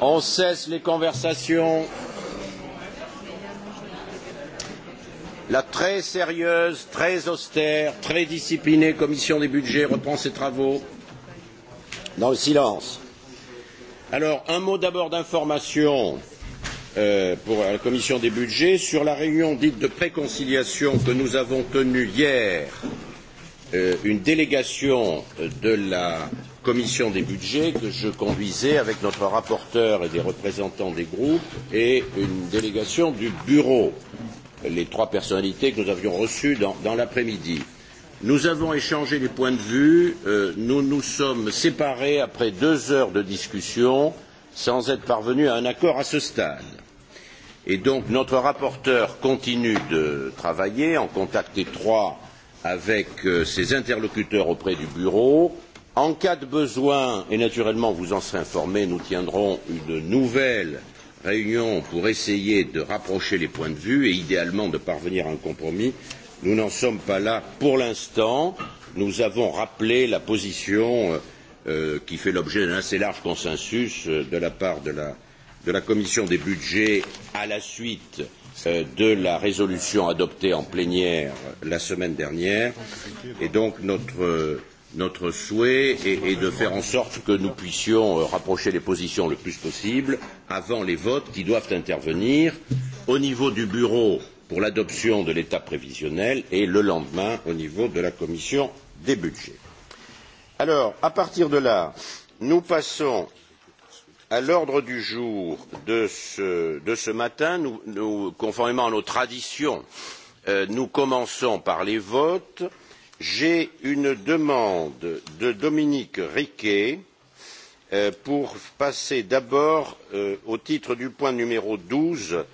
On cesse les conversations. La très sérieuse, très austère, très disciplinée commission des budgets reprend ses travaux dans le silence. Alors, un mot d'abord d'information euh, pour la commission des budgets sur la réunion dite de préconciliation que nous avons tenue hier. Euh, une délégation de la commission des budgets que je conduisais avec notre rapporteur et des représentants des groupes et une délégation du bureau, les trois personnalités que nous avions reçues dans, dans l'après-midi. Nous avons échangé les points de vue, euh, nous nous sommes séparés après deux heures de discussion sans être parvenus à un accord à ce stade. Et donc notre rapporteur continue de travailler en contact étroit avec euh, ses interlocuteurs auprès du bureau En cas de besoin, et naturellement vous en serez informé, nous tiendrons une nouvelle réunion pour essayer de rapprocher les points de vue et idéalement de parvenir à un compromis. Nous n'en sommes pas là pour l'instant. Nous avons rappelé la position euh, euh, qui fait l'objet d'un assez large consensus euh, de la part de la, de la Commission des budgets à la suite euh, de la résolution adoptée en plénière la semaine dernière. Et donc notre euh, notre souhait est, est de faire en sorte que nous puissions euh, rapprocher les positions le plus possible avant les votes qui doivent intervenir au niveau du bureau pour l'adoption de l'état prévisionnel et le lendemain au niveau de la commission des budgets. Alors, à partir de là, nous passons à l'ordre du jour de ce, de ce matin. Nous, nous, conformément à nos traditions, euh, nous commençons par les votes j'ai une demande de dominique riquet euh, pour passer d'abord euh, au titre du point numéro douze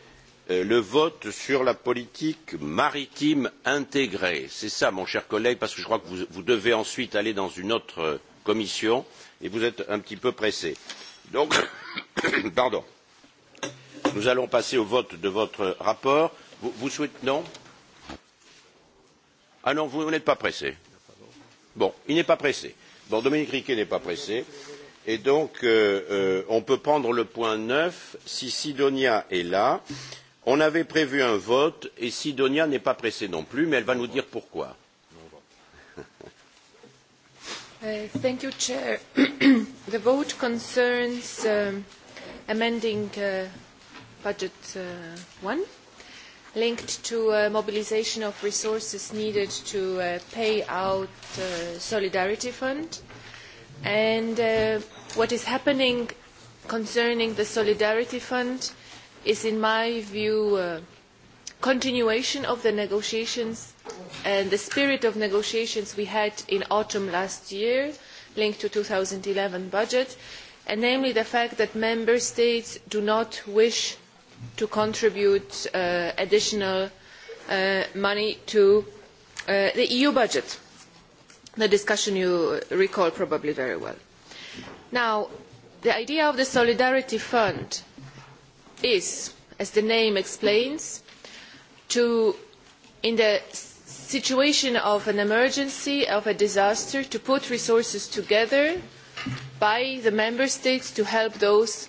euh, le vote sur la politique maritime intégrée. C'est cela mon cher collègue, parce que je crois que vous, devez ensuite aller dans une autre commission et vous êtes un petit peu pressé. Donc, Nous allons passer au vote de votre rapport. vous souhaitez non Ah non, vous, vous n'êtes pas pressé. Bon, il n'est pas pressé. Bon, Dominique Riquet n'est pas pressé. Et donc, euh, euh, on peut prendre le point 9. Si Sidonia est là, on avait prévu un vote et Sidonia n'est pas pressée non plus, mais elle va nous dire pourquoi. Uh, thank you, Chair. the vote concerns um, amending uh, budget uh, one linked to uh, mobilization of resources needed to uh, pay out the uh, Solidarity Fund and uh, what is happening concerning the Solidarity Fund is in my view uh, continuation of the negotiations and the spirit of negotiations we had in autumn last year linked to 2011 budget and namely the fact that member states do not wish to contribute uh, additional uh, money to uh, the EU budget, the discussion you recall probably very well. Now, the idea of the Solidarity Fund is, as the name explains, to, in the situation of an emergency, of a disaster, to put resources together by the member states to help those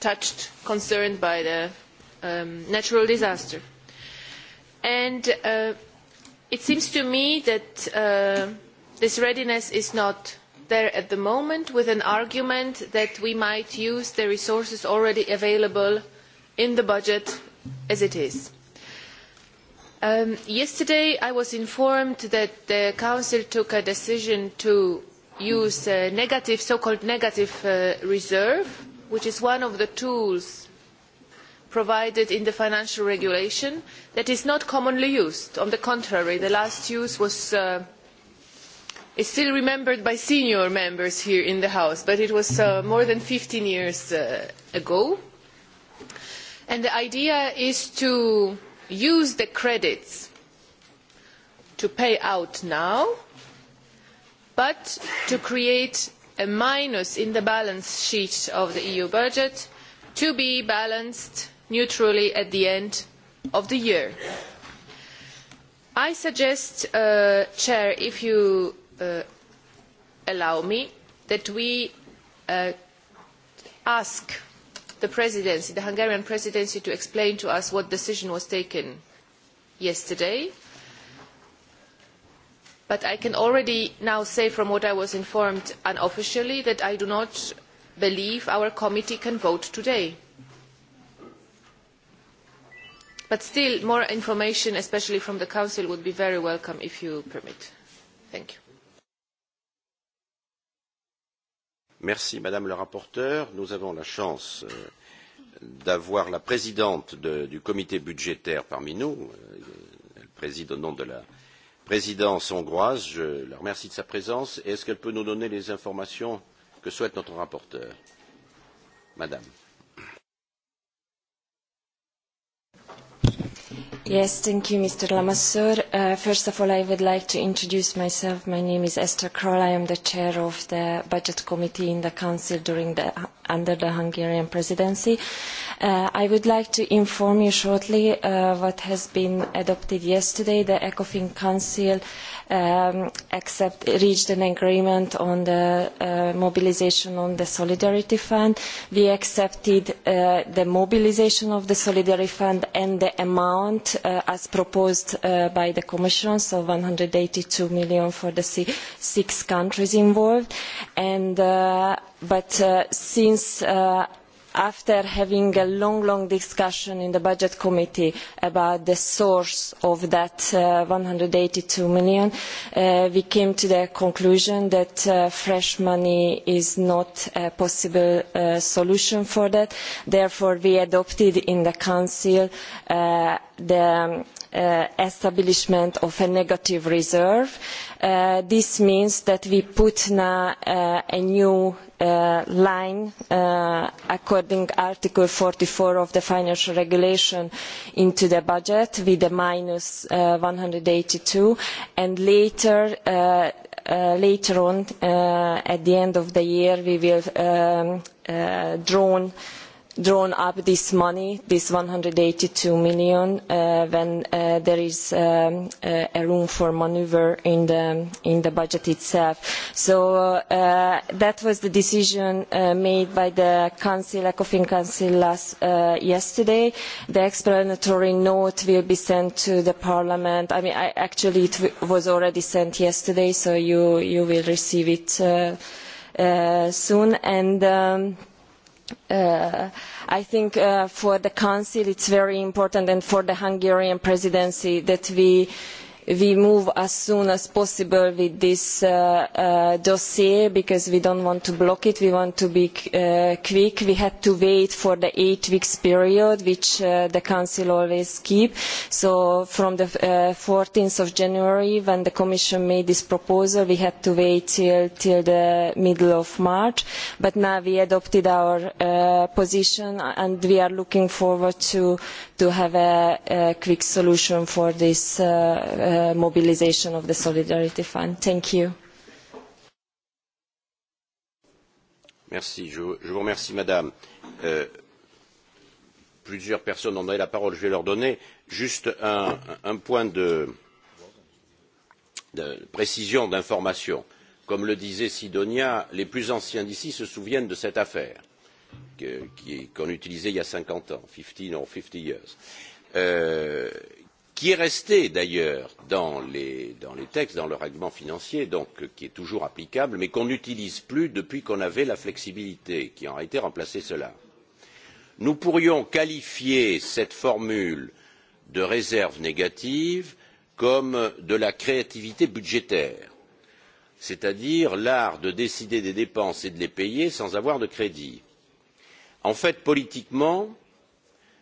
touched, concerned by the um, natural disaster. And uh, it seems to me that uh, this readiness is not there at the moment with an argument that we might use the resources already available in the budget as it is. Um, yesterday I was informed that the Council took a decision to use a negative, so-called negative uh, reserve which is one of the tools provided in the financial regulation that is not commonly used. On the contrary, the last use was, uh, is still remembered by senior members here in the House, but it was uh, more than 15 years uh, ago. And the idea is to use the credits to pay out now, but to create a minus in the balance sheet of the eu budget to be balanced neutrally at the end of the year. i suggest uh, chair if you uh, allow me that we uh, ask the presidency the hungarian presidency to explain to us what decision was taken yesterday but i can already now say from what i was informed unofficially that i do not believe our committee can vote today. but still more information especially from the council would be very welcome if you permit. thank you. Merci Madame la rapporteure. Nous avons la chance euh, d'avoir la présidente de, du comité budgétaire parmi nous. Euh, elle préside au nom de la présidence hongroise. Je la remercie de sa présence. Est-ce qu'elle peut nous donner les informations que souhaite notre rapporteur Madame. Yes, thank you, Mr. Lamassoure. Uh, first of all, I would like to introduce myself. My name is Esther Kroll. I am the chair of the Budget Committee in the Council during the, under the Hungarian presidency. Uh, I would like to inform you shortly uh, what has been adopted yesterday. The ECOFIN Council uh, um, accept, reached an agreement on the uh, mobilization on the Solidarity Fund. We accepted uh, the mobilization of the Solidarity Fund and the amount uh, as proposed uh, by the Commission, so 182 million for the six countries involved. And, uh, but uh, since uh, after having a long, long discussion in the budget committee about the source of that uh, eighty 182 million, uh, we came to the conclusion that uh, fresh money is not a possible solution for that. Therefore, we adopted in the Council the um, Uh, establishment of a negative reserve. Uh, this means that we put now put uh, a new line according to article 44 of the financial regulation into the budget with a minus one 182 and later uh, and later on at the end of the year we will draw um, drawn drawn up this money, this 182 million, uh, when uh, there is um, uh, a room for manoeuvre in the, budget itself. So that was the decision made by the Council, ECOFIN Council last, yesterday. The explanatory note will be sent to the Parliament. I mean, actually it was already sent yesterday, so you, will receive it soon. And... Um, Uh, I think uh, for the Council it's very important and for the Hungarian presidency that we we move as soon as possible with this uh, uh, dossier because we don't want to block it. We want to be uh, quick. We had to wait for the eight weeks period, which uh, the Council always keep. So from the 14th uh, of January, when the Commission made this proposal, we had to wait till, till the middle of March. But now we adopted our uh, position and we are looking forward to to have a, a quick solution for this uh, uh, mobilisation of the Solidarity Fund. Thank you. Merci. Je, je vous remercie, Madame. Euh, plusieurs personnes ont donné la parole. Je vais leur donner juste un, un point de, de précision, d'information. Comme le disait Sidonia, les plus anciens d'ici se souviennent de cette affaire qu'on utilisait il y a 50 ans, 15 or 50 years, euh, qui est resté d'ailleurs dans les, dans les textes, dans le règlement financier, donc qui est toujours applicable, mais qu'on n'utilise plus depuis qu'on avait la flexibilité, qui en a été remplacée cela. Nous pourrions qualifier cette formule de réserve négative comme de la créativité budgétaire, c'est-à-dire l'art de décider des dépenses et de les payer sans avoir de crédit en fait politiquement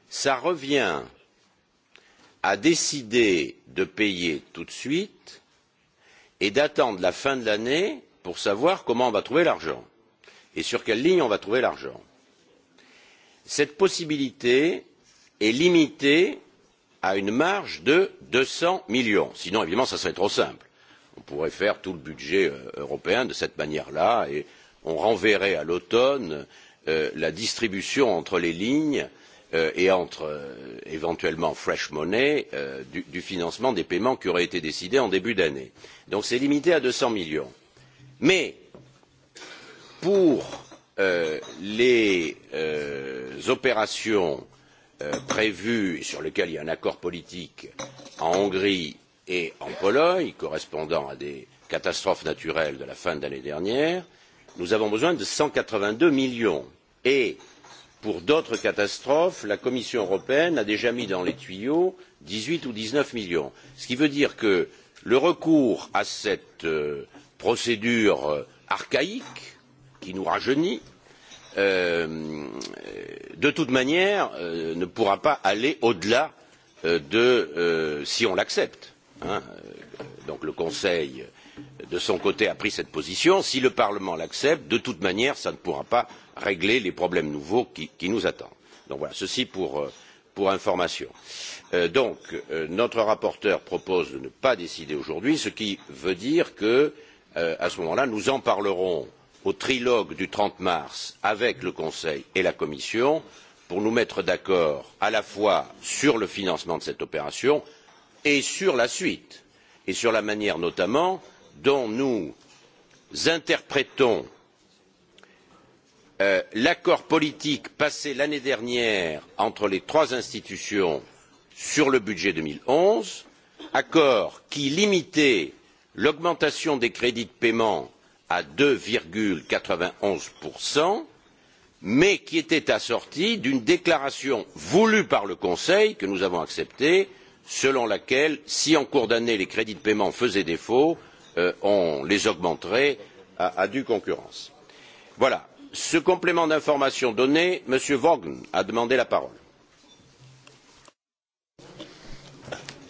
ça revient à décider de payer tout de suite et d'attendre la fin de l'année pour savoir comment on va trouver l'argent et sur quelle ligne on va trouver l'argent. Cette possibilité est limitée à une marge de 200 millions. Sinon, évidemment, ça serait trop simple. On pourrait faire tout le budget euh, européen de cette manière-là et on renverrait à l'automne euh, Euh, la distribution entre les lignes euh, et entre euh, éventuellement fresh money du, du financement des paiements qui auraient été décidés en début d'année. Donc c'est limité à 200 millions. Mais pour euh, les euh, opérations euh, prévues sur lesquelles il y a un accord politique en Hongrie et en Pologne, correspondant à des catastrophes naturelles de la fin de l'année dernière, nous avons besoin de 182 millions et pour d'autres catastrophes la commission européenne a déjà mis dans les tuyaux dix huit ou dix neuf millions ce qui veut dire que le recours à cette euh, procédure euh, archaïque qui nous rajeunit euh, euh, de toute manière euh, ne pourra pas aller au delà de si on l'accepte donc le conseil de son côté a pris cette position si le parlement l'accepte de toute manière ça ne pourra pas régler les problèmes nouveaux qui, qui nous attendent. Donc voilà, ceci pour, euh, pour information. Euh, donc, euh, notre rapporteur propose de ne pas décider aujourd'hui, ce qui veut dire que, euh, à ce moment-là, nous en parlerons au trilogue du 30 mars avec le Conseil et la Commission pour nous mettre d'accord à la fois sur le financement de cette opération et sur la suite, et sur la manière notamment dont nous interprétons Euh, l'accord politique passé l'année dernière entre les trois institutions sur le budget deux mille onze accord qui limitait l'augmentation des crédits de paiement à deux quatre vingt onze mais qui était assorti d'une déclaration voulue par le conseil que nous avons acceptée selon laquelle si en cours d'année les crédits de paiement faisaient défaut euh, on les augmenterait à, à due concurrence. voilà ce complément d'information donné m. vaughan a demandé la parole.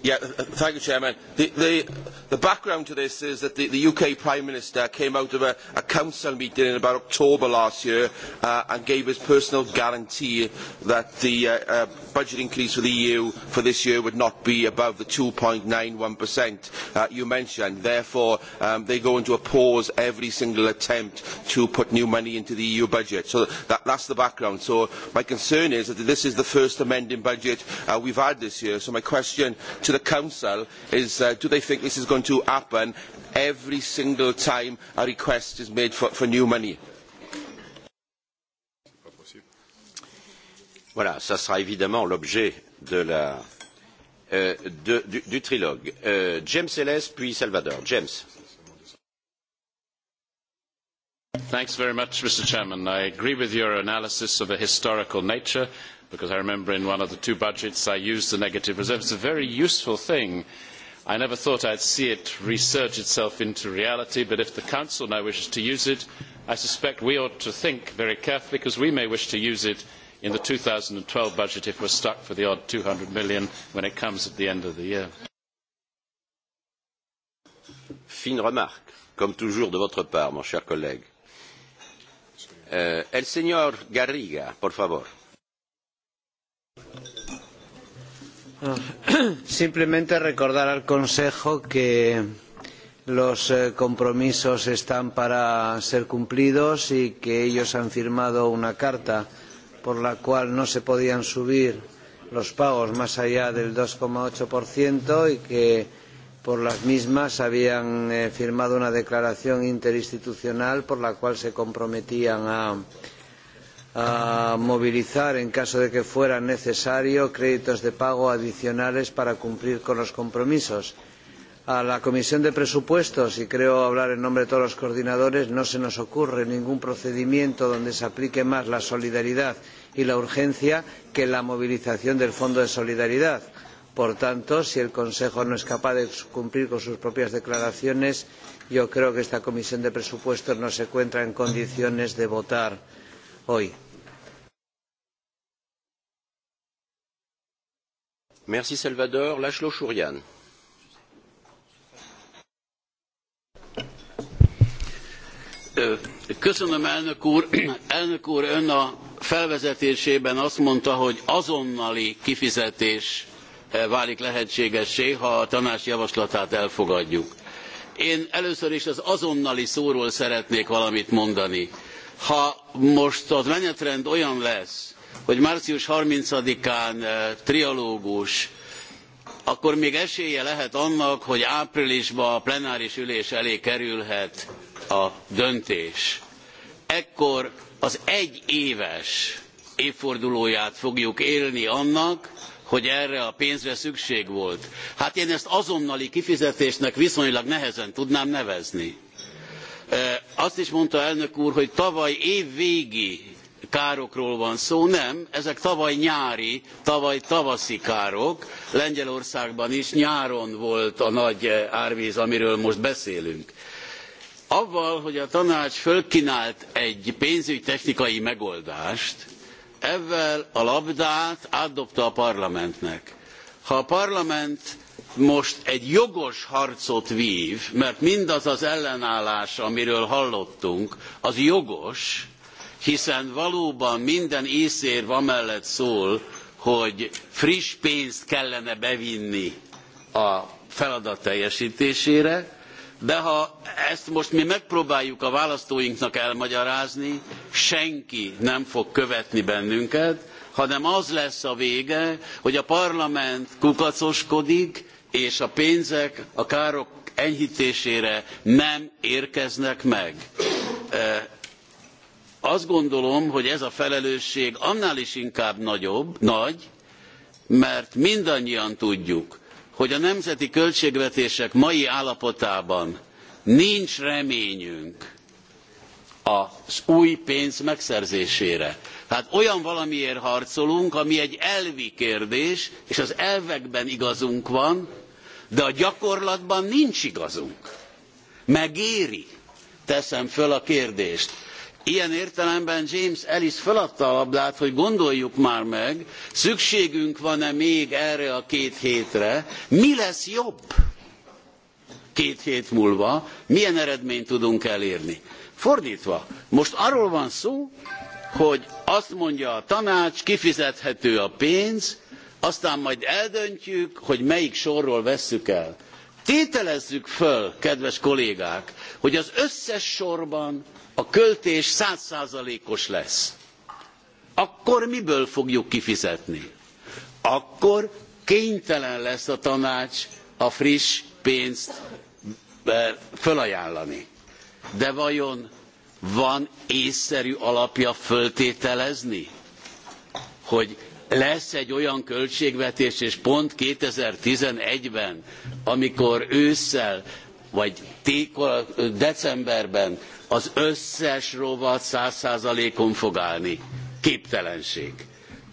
Yeah, uh, uh, thank you, Chairman. The, the, the background to this is that the, the UK Prime Minister came out of a, a council meeting in about October last year uh, and gave his personal guarantee that the uh, uh, budget increase for the EU for this year would not be above the 2.91% uh, you mentioned. Therefore, um, they go into a pause every single attempt to put new money into the EU budget. So that, that's the background. So my concern is that this is the first amending budget uh, we've had this year. So my question to to the Council is uh, do they think this is going to happen every single time a request is made for, for new money? Voilà, ça sera évidemment l'objet de la, euh, de, du, du trilogue. Euh, James Ellis, puis Salvador. James. Thanks very much, Mr. Chairman. I agree with your analysis of a historical nature because I remember in one of the two budgets I used the negative reserve. It's a very useful thing. I never thought I'd see it resurge itself into reality, but if the Council now wishes to use it, I suspect we ought to think very carefully because we may wish to use it in the 2012 budget if we're stuck for the odd 200 million when it comes at the end of the year. Fine remarque, comme toujours de votre part, mon cher collègue. Uh, el señor Garriga, por favor. Simplemente recordar al Consejo que los eh, compromisos están para ser cumplidos y que ellos han firmado una carta por la cual no se podían subir los pagos más allá del 2,8% y que por las mismas habían eh, firmado una declaración interinstitucional por la cual se comprometían a a movilizar, en caso de que fuera necesario, créditos de pago adicionales para cumplir con los compromisos. A la Comisión de Presupuestos, y creo hablar en nombre de todos los coordinadores, no se nos ocurre ningún procedimiento donde se aplique más la solidaridad y la urgencia que la movilización del Fondo de Solidaridad. Por tanto, si el Consejo no es capaz de cumplir con sus propias declaraciones, yo creo que esta Comisión de Presupuestos no se encuentra en condiciones de votar hoy. Merci Salvador. Lashlo Shurian. Köszönöm, elnök úr. Elnök úr, ön a felvezetésében azt mondta, hogy azonnali kifizetés válik lehetségessé, ha a tanács javaslatát elfogadjuk. Én először is az azonnali szóról szeretnék valamit mondani. Ha most a menetrend olyan lesz, hogy március 30-án eh, trialógus, akkor még esélye lehet annak, hogy áprilisban a plenáris ülés elé kerülhet a döntés. Ekkor az egy éves évfordulóját fogjuk élni annak, hogy erre a pénzre szükség volt. Hát én ezt azonnali kifizetésnek viszonylag nehezen tudnám nevezni. Eh, azt is mondta elnök úr, hogy tavaly év végi károkról van szó, nem, ezek tavaly nyári, tavaly tavaszi károk. Lengyelországban is nyáron volt a nagy eh, árvíz, amiről most beszélünk. Avval, hogy a tanács fölkínált egy technikai megoldást, ezzel a labdát átdobta a parlamentnek. Ha a parlament most egy jogos harcot vív, mert mindaz az ellenállás, amiről hallottunk, az jogos, hiszen valóban minden észérv amellett szól, hogy friss pénzt kellene bevinni a feladat teljesítésére, de ha ezt most mi megpróbáljuk a választóinknak elmagyarázni, senki nem fog követni bennünket, hanem az lesz a vége, hogy a parlament kukacoskodik, és a pénzek a károk enyhítésére nem érkeznek meg azt gondolom, hogy ez a felelősség annál is inkább nagyobb, nagy, mert mindannyian tudjuk, hogy a nemzeti költségvetések mai állapotában nincs reményünk az új pénz megszerzésére. Hát olyan valamiért harcolunk, ami egy elvi kérdés, és az elvekben igazunk van, de a gyakorlatban nincs igazunk. Megéri? Teszem föl a kérdést. Ilyen értelemben James Ellis feladta a labdát, hogy gondoljuk már meg, szükségünk van-e még erre a két hétre, mi lesz jobb két hét múlva, milyen eredményt tudunk elérni. Fordítva, most arról van szó, hogy azt mondja a tanács, kifizethető a pénz, aztán majd eldöntjük, hogy melyik sorról vesszük el. Tételezzük föl, kedves kollégák, hogy az összes sorban a költés százszázalékos lesz, akkor miből fogjuk kifizetni? Akkor kénytelen lesz a tanács a friss pénzt eh, fölajánlani. De vajon van észszerű alapja föltételezni, hogy lesz egy olyan költségvetés, és pont 2011-ben, amikor ősszel vagy decemberben az összes rovat száz százalékon fog állni. Képtelenség.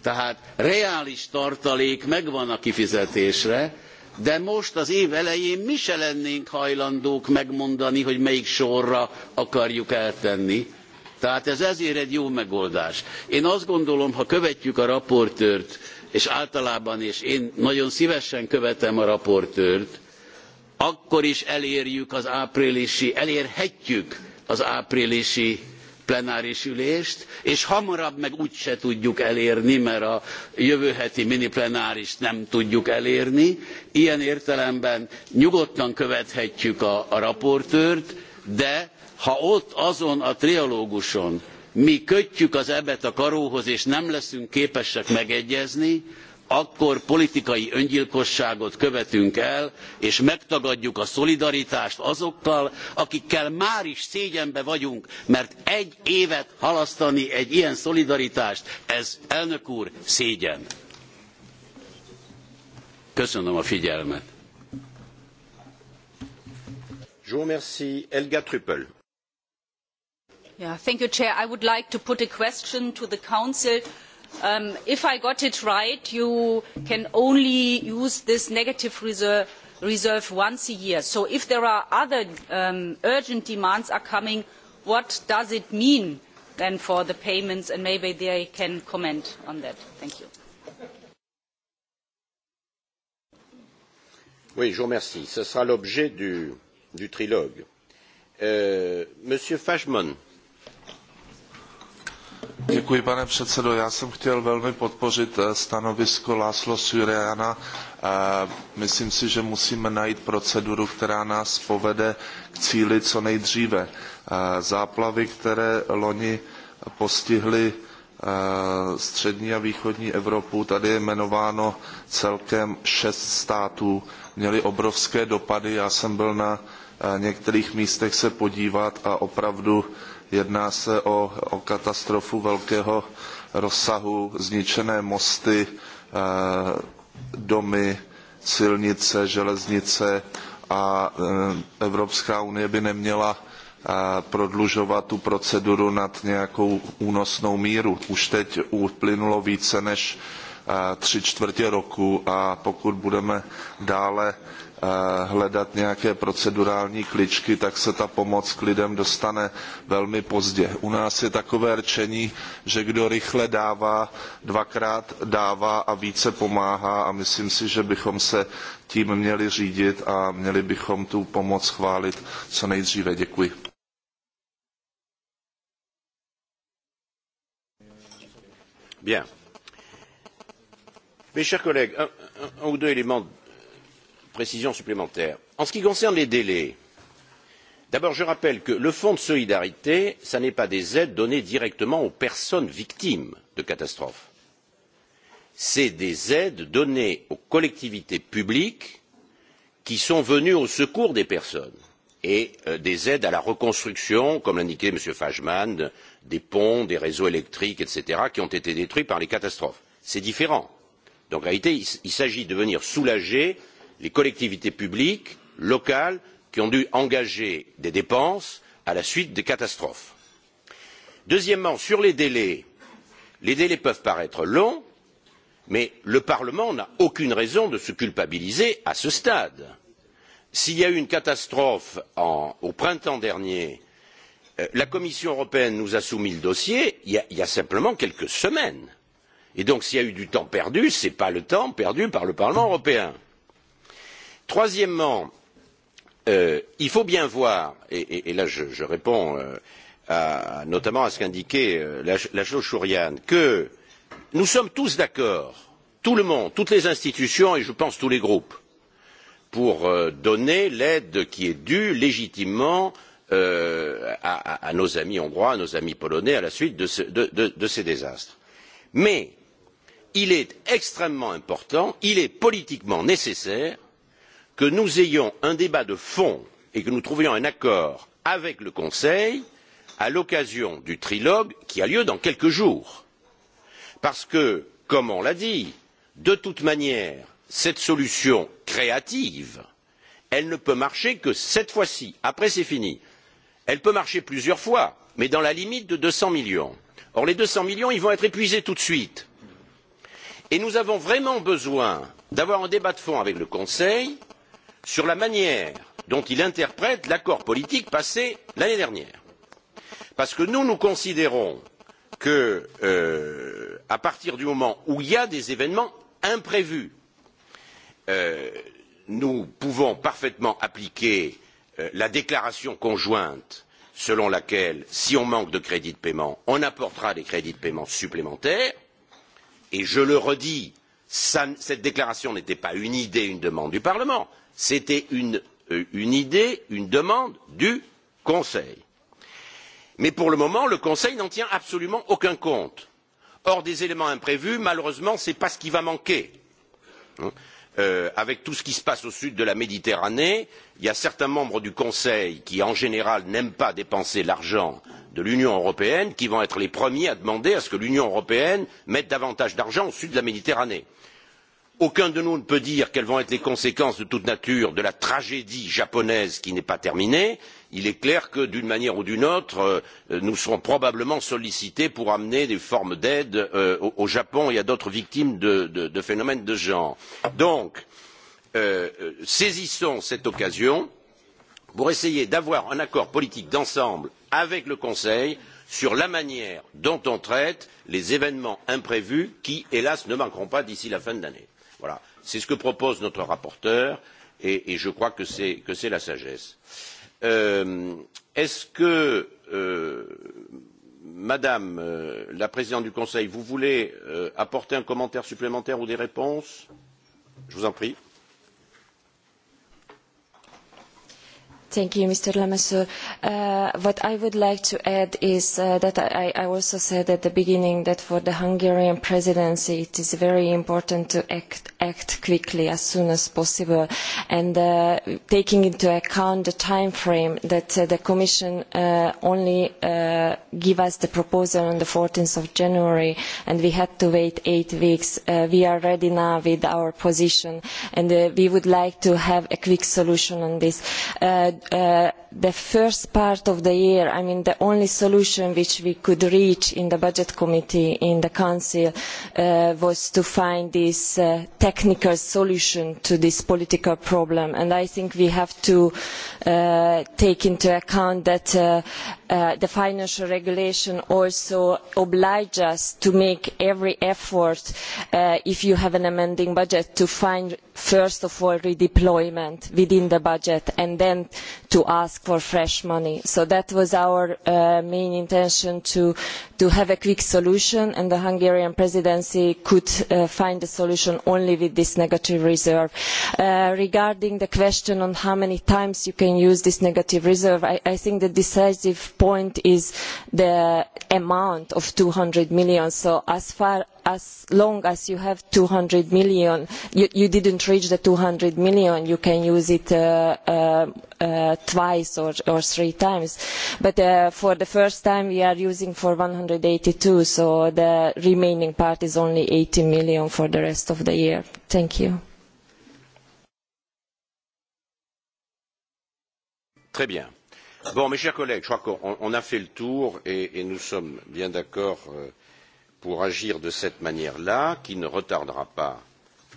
Tehát reális tartalék megvan a kifizetésre, de most az év elején mi se lennénk hajlandók megmondani, hogy melyik sorra akarjuk eltenni. Tehát ez ezért egy jó megoldás. Én azt gondolom, ha követjük a raportőrt, és általában, és én nagyon szívesen követem a raportőrt, akkor is elérjük az áprilisi, elérhetjük az áprilisi plenáris ülést, és hamarabb meg úgyse tudjuk elérni, mert a jövő heti mini miniplenárist nem tudjuk elérni. Ilyen értelemben nyugodtan követhetjük a, a raportőrt, de ha ott azon a trialóguson mi kötjük az ebet a karóhoz, és nem leszünk képesek megegyezni, akkor politikai öngyilkosságot követünk el és megtagadjuk a szolidaritást azokkal akikkel már is szégyenbe vagyunk mert egy évet halasztani egy ilyen szolidaritást ez elnök úr szégyen. köszönöm a figyelmet. Yeah, thank you, Chair. I would like to put a question to the Council Um, if i got it right you can only use this negative reserve, once a year so if there are other um, urgent demands are coming what does it mean then for the payments and maybe they can comment on that thank you Oui, je vous remercie. Ce sera l'objet du, du trilogue. Euh, Monsieur Fajmon. Děkuji, pane předsedo. Já jsem chtěl velmi podpořit eh, stanovisko Láslo Suriana. Eh, myslím si, že musíme najít proceduru, která nás povede k cíli co nejdříve. Eh, záplavy, které loni postihly střední a východní Evropu, tady je jmenováno celkem šest států, měly obrovské dopady. Já jsem byl na některých místech se podívat a opravdu Jedná se o, o katastrofu velkého rozsahu, zničené mosty, eh, domy, silnice, železnice a eh, Evropská unie by neměla eh, prodlužovat tu proceduru nad nějakou únosnou míru. Už teď uplynulo více než tři čtvrtě roku a pokud budeme dále Eh, hledat nějaké procedurální kličky, tak se ta pomoc k lidem dostane velmi pozdě. U nás je takové rčení, že kdo rychle dává, dvakrát dává a více pomáhá a myslím si, že bychom se tím měli řídit a měli bychom tu pomoc chválit co nejdříve. Děkuji. Bien. Mes chers collègues, un ou deux éléments précisions supplémentaires. en ce qui concerne les délais d'abord je rappelle que le fonds de solidarité ce n'est pas des aides données directement aux personnes victimes de catastrophes ce sont des aides données aux collectivités publiques qui sont venues au secours des personnes et euh, des aides à la reconstruction, comme l'indiquait M. Fajman, des ponts, des réseaux électriques, etc., qui ont été détruits par les catastrophes. C'est différent. Donc en réalité, il s'agit de venir soulager les collectivités publiques locales qui ont dû engager des dépenses à la suite des catastrophes. deuxièmement sur les délais les délais peuvent paraître longs mais le parlement n'a aucune raison de se culpabiliser à ce stade. s'il y a eu une catastrophe en, au printemps dernier euh, la commission européenne nous a soumis le dossier il y a, il y a simplement quelques semaines. et donc s'il y a eu du temps perdu ce n'est pas le temps perdu par le parlement européen troisièmement euh, il faut bien voir et, et, et là je, je réponds euh, à, notamment à ce qu'indiquait euh, la, chose Chourian que nous sommes tous d'accord tout le monde toutes les institutions et je pense tous les groupes pour euh, donner l'aide qui est due légitimement euh, à, à, à nos amis hongrois, à nos amis polonais à la suite de, ce, de, de, de ces désastres. Mais il est extrêmement important, il est politiquement nécessaire que nous ayons un débat de fond et que nous trouvions un accord avec le conseil à l'occasion du trilogue qui a lieu dans quelques jours parce que comme on l'a dit de toute manière cette solution créative elle ne peut marcher que cette fois ci après c'est fini. elle peut marcher plusieurs fois mais dans la limite de deux cents millions. or les deux cents millions ils vont être épuisés tout de suite et nous avons vraiment besoin d'avoir un débat de fond avec le conseil sur la manière dont il interprète l'accord politique passé l'année dernière parce que nous nous considérons que euh, à partir du moment où il y a des événements imprévus euh, nous pouvons parfaitement appliquer euh, la déclaration conjointe selon laquelle si on manque de crédits de paiement on apportera des crédits de paiement supplémentaires et je le redis ça, cette déclaration n'était pas une idée une demande du parlement c'était euh, une, idée une demande du conseil mais pour le moment le conseil n'en tient absolument aucun compte. or des éléments imprévus malheureusement ce n'est pas ce qui va manquer. Euh, avec tout ce qui se passe au sud de la méditerranée il y a certains membres du conseil qui en général n'aiment pas dépenser l'argent de l'union européenne qui vont être les premiers à demander à ce que l'union européenne mette davantage d'argent au sud de la méditerranée aucun de nous ne peut dire quelles vont être les conséquences de toute nature de la tragédie japonaise qui n'est pas terminée il est clair que d'une manière ou d'une autre euh, nous serons probablement sollicités pour amener des formes d'aide euh, au japon et à d'autres victimes de, de, de phénomènes de ce genre. donc euh, euh, saisissons cette occasion pour essayer d'avoir un accord politique d'ensemble avec le conseil sur la manière dont on traite les événements imprévus qui hélas ne manqueront pas d'ici la fin de l'année. Voilà. C'est ce que propose notre rapporteur et, et je crois que c'est, la sagesse. Euh, est-ce que, euh, Madame euh, la Présidente du Conseil, vous voulez euh, apporter un commentaire supplémentaire ou des réponses Je vous en prie. Thank you, Mr. Lamassoure. Uh, what I would like to add is uh, that I, I, also said at the beginning that for the Hungarian presidency it is very important to act, act quickly as soon as possible and uh, taking into account the time frame that uh, the Commission uh, only uh, gave us the proposal on the 14th of January and we had to wait eight weeks. Uh, we are ready now with our position and we would like to have a quick solution on this uh, the first part of the year, I mean, the only solution which we could reach in the Budget Committee, in the Council, uh, was to find this uh, technical solution to this political problem. And I think we have to uh, take into account that uh, uh, the financial regulation also obliges us to make every effort, uh, if you have an amending budget, to find, first of all, redeployment within the budget and then to ask for fresh money. So that was our uh, main intention to, have a quick solution and the Hungarian presidency could uh, find a solution only with this negative reserve. Uh, regarding the question on how many times you can use this negative reserve, I, I think the decisive point is the amount of 200 million. So as far as long as you have 200 million, you, you didn't reach the 200 million, you can use it uh, uh, uh, twice or, three times. But for the first time, we are using for 182, so the remaining part is only 80 million for the rest of the year. Thank you. Très bien. Bon, mes chers collègues, je crois qu'on a fait le tour et, et nous sommes bien d'accord. Euh, pour agir de cette manière-là, qui ne retardera pas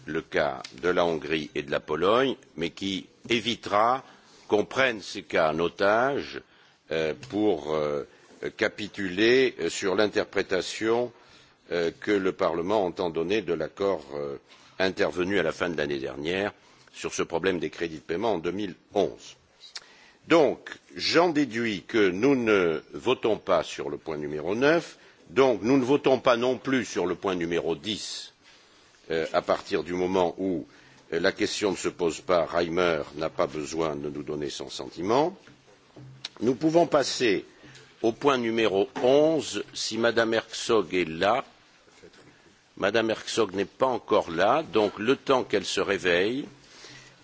le cas de la Hongrie et de la Pologne, mais qui évitera qu'on prenne ces cas en otage euh, pour euh, capituler euh, sur l'interprétation euh, que le Parlement entend donner de l'accord euh, intervenu à la fin de l'année dernière sur ce problème des crédits de paiement en deux mille onze. Donc, j'en déduis que nous ne votons pas sur le point numéro neuf, donc nous ne votons pas non plus sur le point numéro dix euh, à partir du moment où euh, la question ne se pose pas reimer n'a pas besoin de nous donner son sentiment. nous pouvons passer au point numéro onze si mme herczog est là. mme herczog n'est pas encore là donc le temps qu'elle se réveille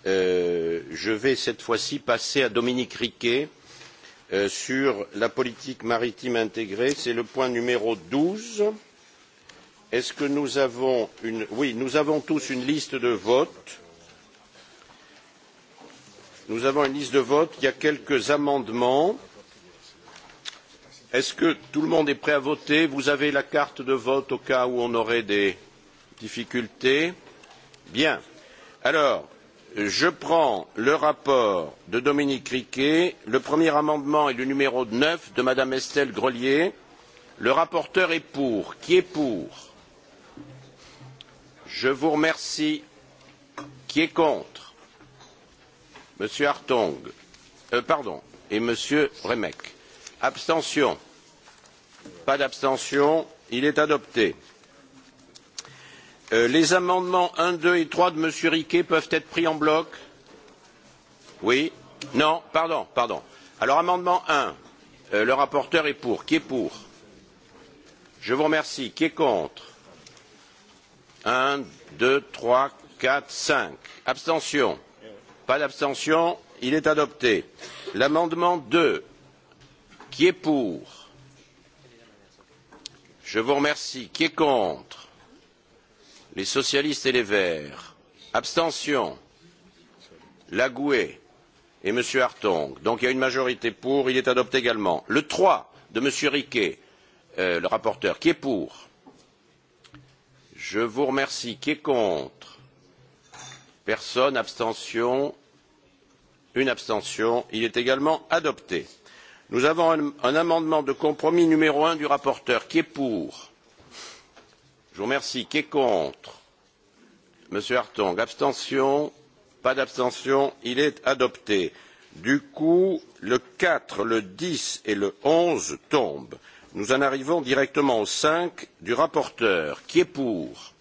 euh, je vais cette fois ci passer à dominique riquet Euh, sur la politique maritime intégrée c'est le point numéro. douze nous avons, une... oui, nous avons tous une liste de vote. nous avons une liste de vote il y a quelques amendements. est ce que tout le monde est prêt à voter? vous avez la carte de vote au cas où on aurait des difficultés? bien. alors je prends le rapport de dominique riquet le premier amendement et le numéro neuf de mme estelle grelier le rapporteur est pour qui est pour? je vous remercie qui est contre? m. hartong euh, pardon et m. remek abstention pas d'abstention il est adopté. Euh, les amendements un deux et trois de m. riquet peuvent être pris en bloc oui non pardon pardon alors amendement un euh, le rapporteur est pour qui est pour je vous remercie qui est contre un deux trois quatre cinq abstention pas d'abstention il est adopté l'amendement deux qui est pour je vous remercie qui est contre les socialistes et les verts abstention lagoué et m. hartong donc il y a une majorité pour il est adopté également le trois de m. riquet euh, le rapporteur qui est pour je vous remercie qui est contre personne abstention une abstention il est également adopté nous avons un, un amendement de compromis numéro un du rapporteur qui est pour Je vous remercie. Qui est contre Monsieur Hartong. Abstention Pas d'abstention. Il est adopté. Du coup, le 4, le 10 et le 11 tombent. Nous en arrivons directement au 5 du rapporteur. Qui est pour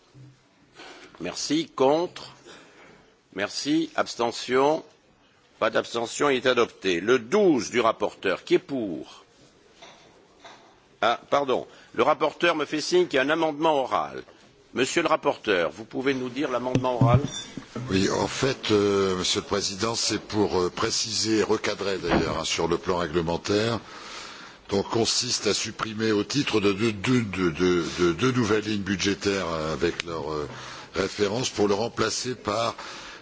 Merci. Contre Merci. Abstention Pas d'abstention. Il est adopté. Le 12 du rapporteur. Qui est pour Ah, pardon le rapporteur me fait signe qu'il y a un amendement oral. Monsieur le rapporteur, vous pouvez nous dire l'amendement oral Oui, en fait, euh, Monsieur le Président, c'est pour euh, préciser et recadrer d'ailleurs hein, sur le plan réglementaire. Donc consiste à supprimer au titre de deux, deux, deux, deux, deux, deux nouvelles lignes budgétaires euh, avec leur euh, référence pour le remplacer par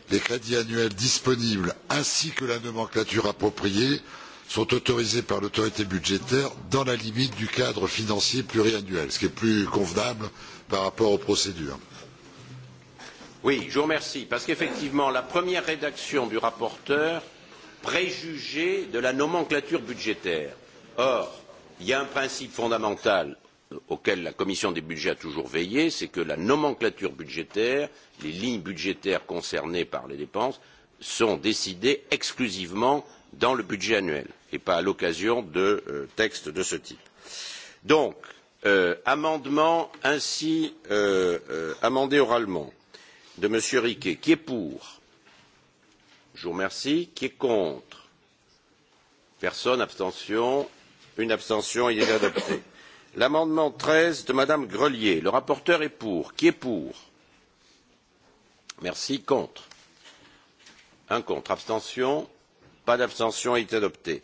les crédits annuels disponibles ainsi que la nomenclature appropriée euh, sont autorisés par l'autorité budgétaire dans la limite du cadre financier pluriannuel, ce qui est plus convenable par rapport aux procédures. Oui, je vous remercie, parce qu'effectivement, la première rédaction du rapporteur préjugeait de la nomenclature budgétaire. Or, il y a un principe fondamental auquel la commission des budgets a toujours veillé, c'est que la nomenclature budgétaire, les lignes budgétaires concernées par les dépenses, sont décidées exclusivement dans le budget annuel et pas à l'occasion de euh, textes de ce type. Donc, euh, amendement ainsi euh, euh, amendé oralement de M. Riquet, qui est pour Je vous remercie. Qui est contre Personne, abstention, une abstention, il est adopté. L'amendement 13 de Madame Grelier, le rapporteur est pour. Qui est pour Merci. Contre Un contre. Abstention Pas d'abstention, il est adopté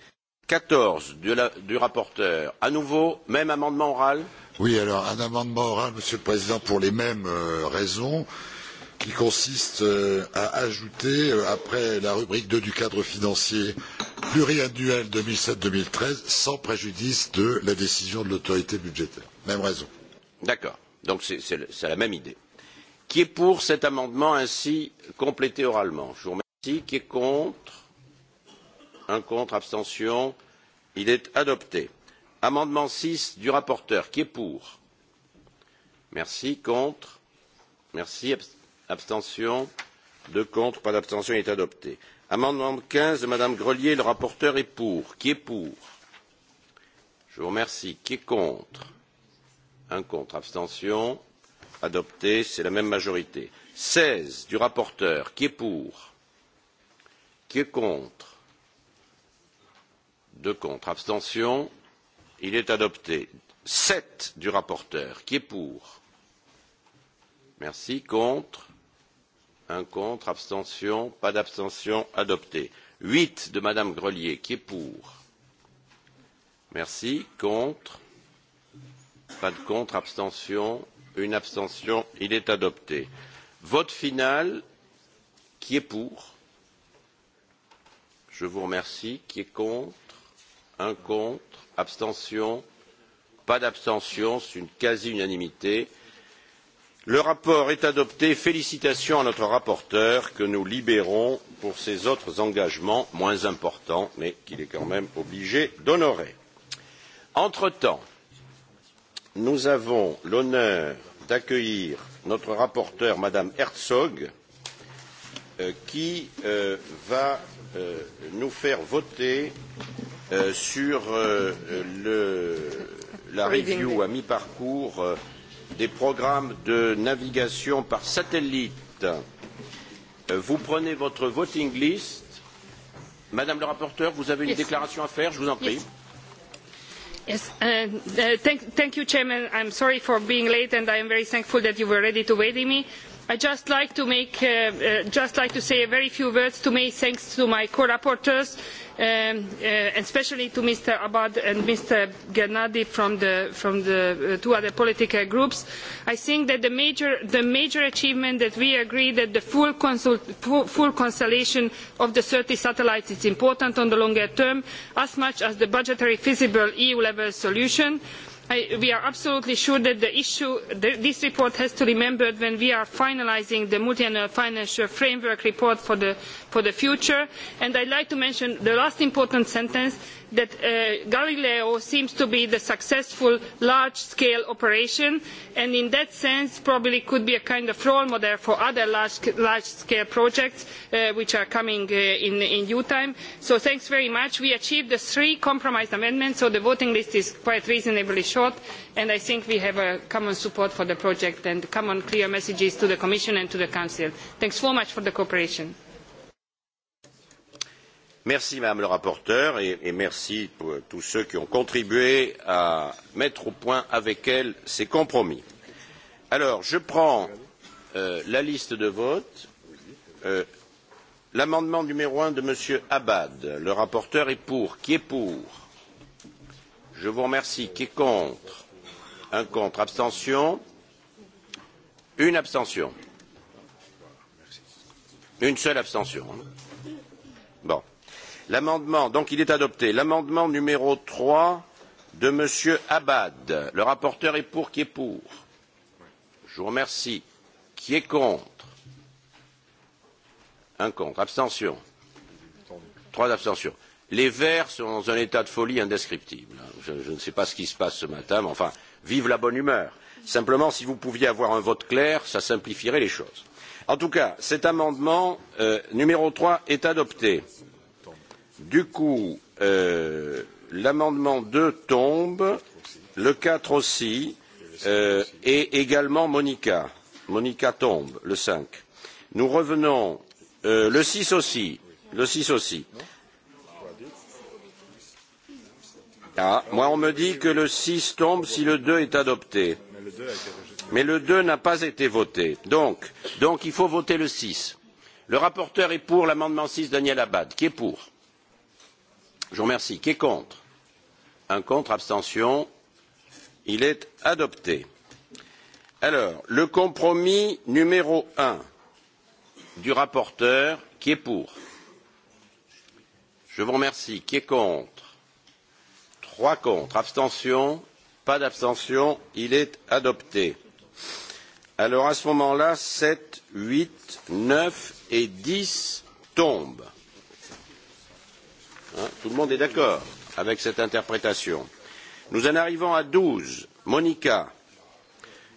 quatorze du rapporteur à nouveau même amendement oral oui alors un amendement oral monsieur le président pour les mêmes euh, raisons qui consiste euh, à ajouter euh, après la rubrique deux du cadre financier pluriannuel deux mille sept deux mille treize sans préjudice de la décision de l'autorité budgétaire même raison d'accord donc c'est la même idée qui est pour cet amendement ainsi complété oralement je vous remercie qui est contre un contre abstention il est adopté amendement six du rapporteur qui est pour merci contre merci abstention deux contre pas d'abstention il est adopté amendement quinze de mme grelier le rapporteur est pour qui est pour je vous remercie qui est contre un contre abstention adopté c'est la même majorité seize du rapporteur qui est pour qui est contre Deux contre. Abstention. Il est adopté. Sept du rapporteur. Qui est pour Merci. Contre Un contre. Abstention. Pas d'abstention. Adopté. Huit de Madame Grelier. Qui est pour Merci. Contre Pas de contre. Abstention. Une abstention. Il est adopté. Vote final. Qui est pour Je vous remercie. Qui est contre un contre, abstention, pas d'abstention, c'est une quasi-unanimité. Le rapport est adopté. Félicitations à notre rapporteur que nous libérons pour ses autres engagements moins importants, mais qu'il est quand même obligé d'honorer. Entre-temps, nous avons l'honneur d'accueillir notre rapporteure, Madame Herzog, euh, qui euh, va Euh, nous faire voter euh, sur euh, le, la review à mi-parcours euh, des programmes de navigation par satellite. Euh, vous prenez votre voting list. Madame la rapporteure, vous avez une yes. déclaration à faire, je vous en prie. Yes. Yes, uh, thank, thank you, Chairman. I'm sorry for being late and I am very thankful that you were ready to wait me i just like to uh, uh, just like to say a very few words to make thanks to my co-rapporteurs um, uh, and especially to mr abad and mr gernadi from the two other political groups i think that the major achievement that we agree that the full full constellation of the 30 satellites is important on the longer term as much as the budgetary feasible eu level solution we are absolutely sure that the issue, the, this report has to be remembered when we are finalising the multiannual financial framework report for the, for the future. And I would like to mention the last important sentence that uh, Galileo seems to be the successful large-scale operation and in that sense probably could be a kind of role model for other large-scale projects uh, which are coming uh, in, in, due time. So thanks very much. We achieved the three compromise amendments, so the voting list is quite reasonably short and I think we have a common support for the project and common clear messages to the Commission and to the Council. Thanks so much for the cooperation. Merci Madame le rapporteur et, et merci pour tous ceux qui ont contribué à mettre au point avec elle ces compromis. Alors, je prends euh, la liste de vote. Euh, L'amendement numéro un de Monsieur Abad, le rapporteur est pour. Qui est pour Je vous remercie. Qui est contre Un contre. Abstention Une abstention. Une seule abstention. Bon l'amendement donc il est adopté l'amendement numéro trois de m. Abad. Le rapporteur est pour, qui est pour Je vous remercie. Qui est contre Un contre. Abstention. Trois abstentions. Les Verts sont dans un état de folie indescriptible. Je, je ne sais pas ce qui se passe ce matin, mais enfin, vive la bonne humeur. Simplement, si vous pouviez avoir un vote clair, ça simplifierait les choses. En tout cas, cet amendement euh, numéro trois est adopté. Du coup, euh, l'amendement 2 tombe, le 4 aussi, euh, et également Monica. Monica tombe, le 5. Nous revenons, euh, le 6 aussi, le 6 aussi. Ah, moi on me dit que le 6 tombe si le 2 est adopté. Mais le 2 n'a pas été voté. Donc, donc il faut voter le 6. Le rapporteur est pour l'amendement 6, Daniel Abad. Qui est pour Je vous remercie. Qui est contre Un contre, abstention. Il est adopté. Alors, le compromis numéro un du rapporteur, qui est pour Je vous remercie. Qui est contre Trois contre. Abstention Pas d'abstention. Il est adopté. Alors à ce moment-là, sept, huit, neuf et dix tombent. Hein, tout le monde est d'accord avec cette interprétation. Nous en arrivons à 12. Monica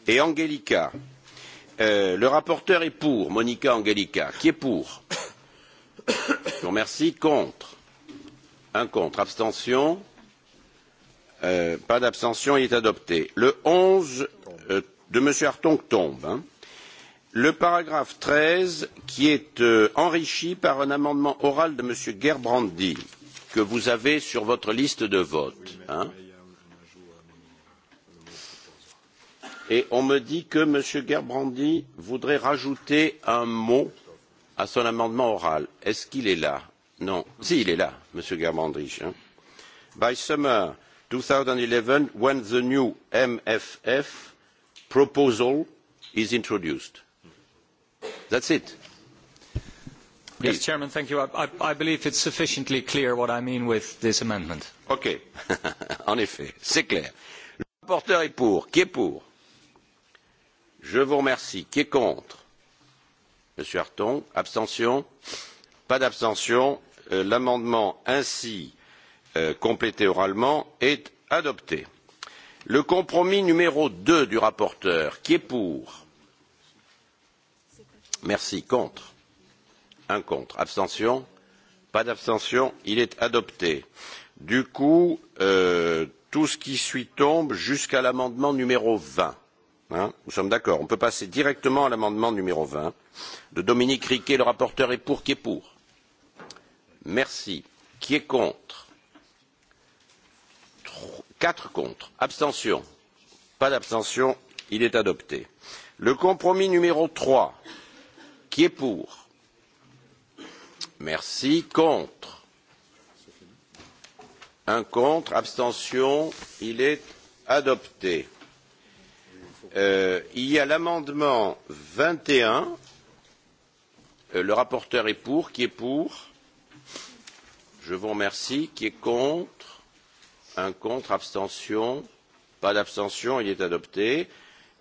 et Angelica. Euh, le rapporteur est pour. Monica Angelica. Qui est pour Je vous remercie. Contre Un contre. Abstention euh, Pas d'abstention. Il est adopté. Le 11 euh, de M. Hartong tombe. Hein. Le paragraphe 13 qui est euh, enrichi par un amendement oral de M. Gerbrandy que vous avez sur votre liste de vote. Hein Et on me dit que M. Gerbrandi voudrait rajouter un mot à son amendement oral. Est-ce qu'il est là Non. Si, il est là, M. Gerbrandi. Hein By summer 2011, when the new MFF proposal is introduced. That's it Please. Yes, Chairman, thank you. I, I, I believe it's sufficiently clear what I mean with this amendment. OK. en effet, c'est clair. Le rapporteur est pour. Qui est pour Je vous remercie. Qui est contre Monsieur Harton, abstention Pas d'abstention. Euh, L'amendement ainsi euh, complété oralement est adopté. Le compromis numéro 2 du rapporteur, qui est pour Merci. Contre un contre. Abstention Pas d'abstention. Il est adopté. Du coup, euh, tout ce qui suit tombe jusqu'à l'amendement numéro 20. Hein Nous sommes d'accord. On peut passer directement à l'amendement numéro 20 de Dominique Riquet. Le rapporteur est pour. Qui est pour Merci. Qui est contre Quatre contre. Abstention. Pas d'abstention. Il est adopté. Le compromis numéro 3. Qui est pour Merci. Contre Un contre. Abstention. Il est adopté. Euh, il y a l'amendement 21. Euh, le rapporteur est pour. Qui est pour Je vous remercie. Qui est contre Un contre. Abstention. Pas d'abstention. Il est adopté.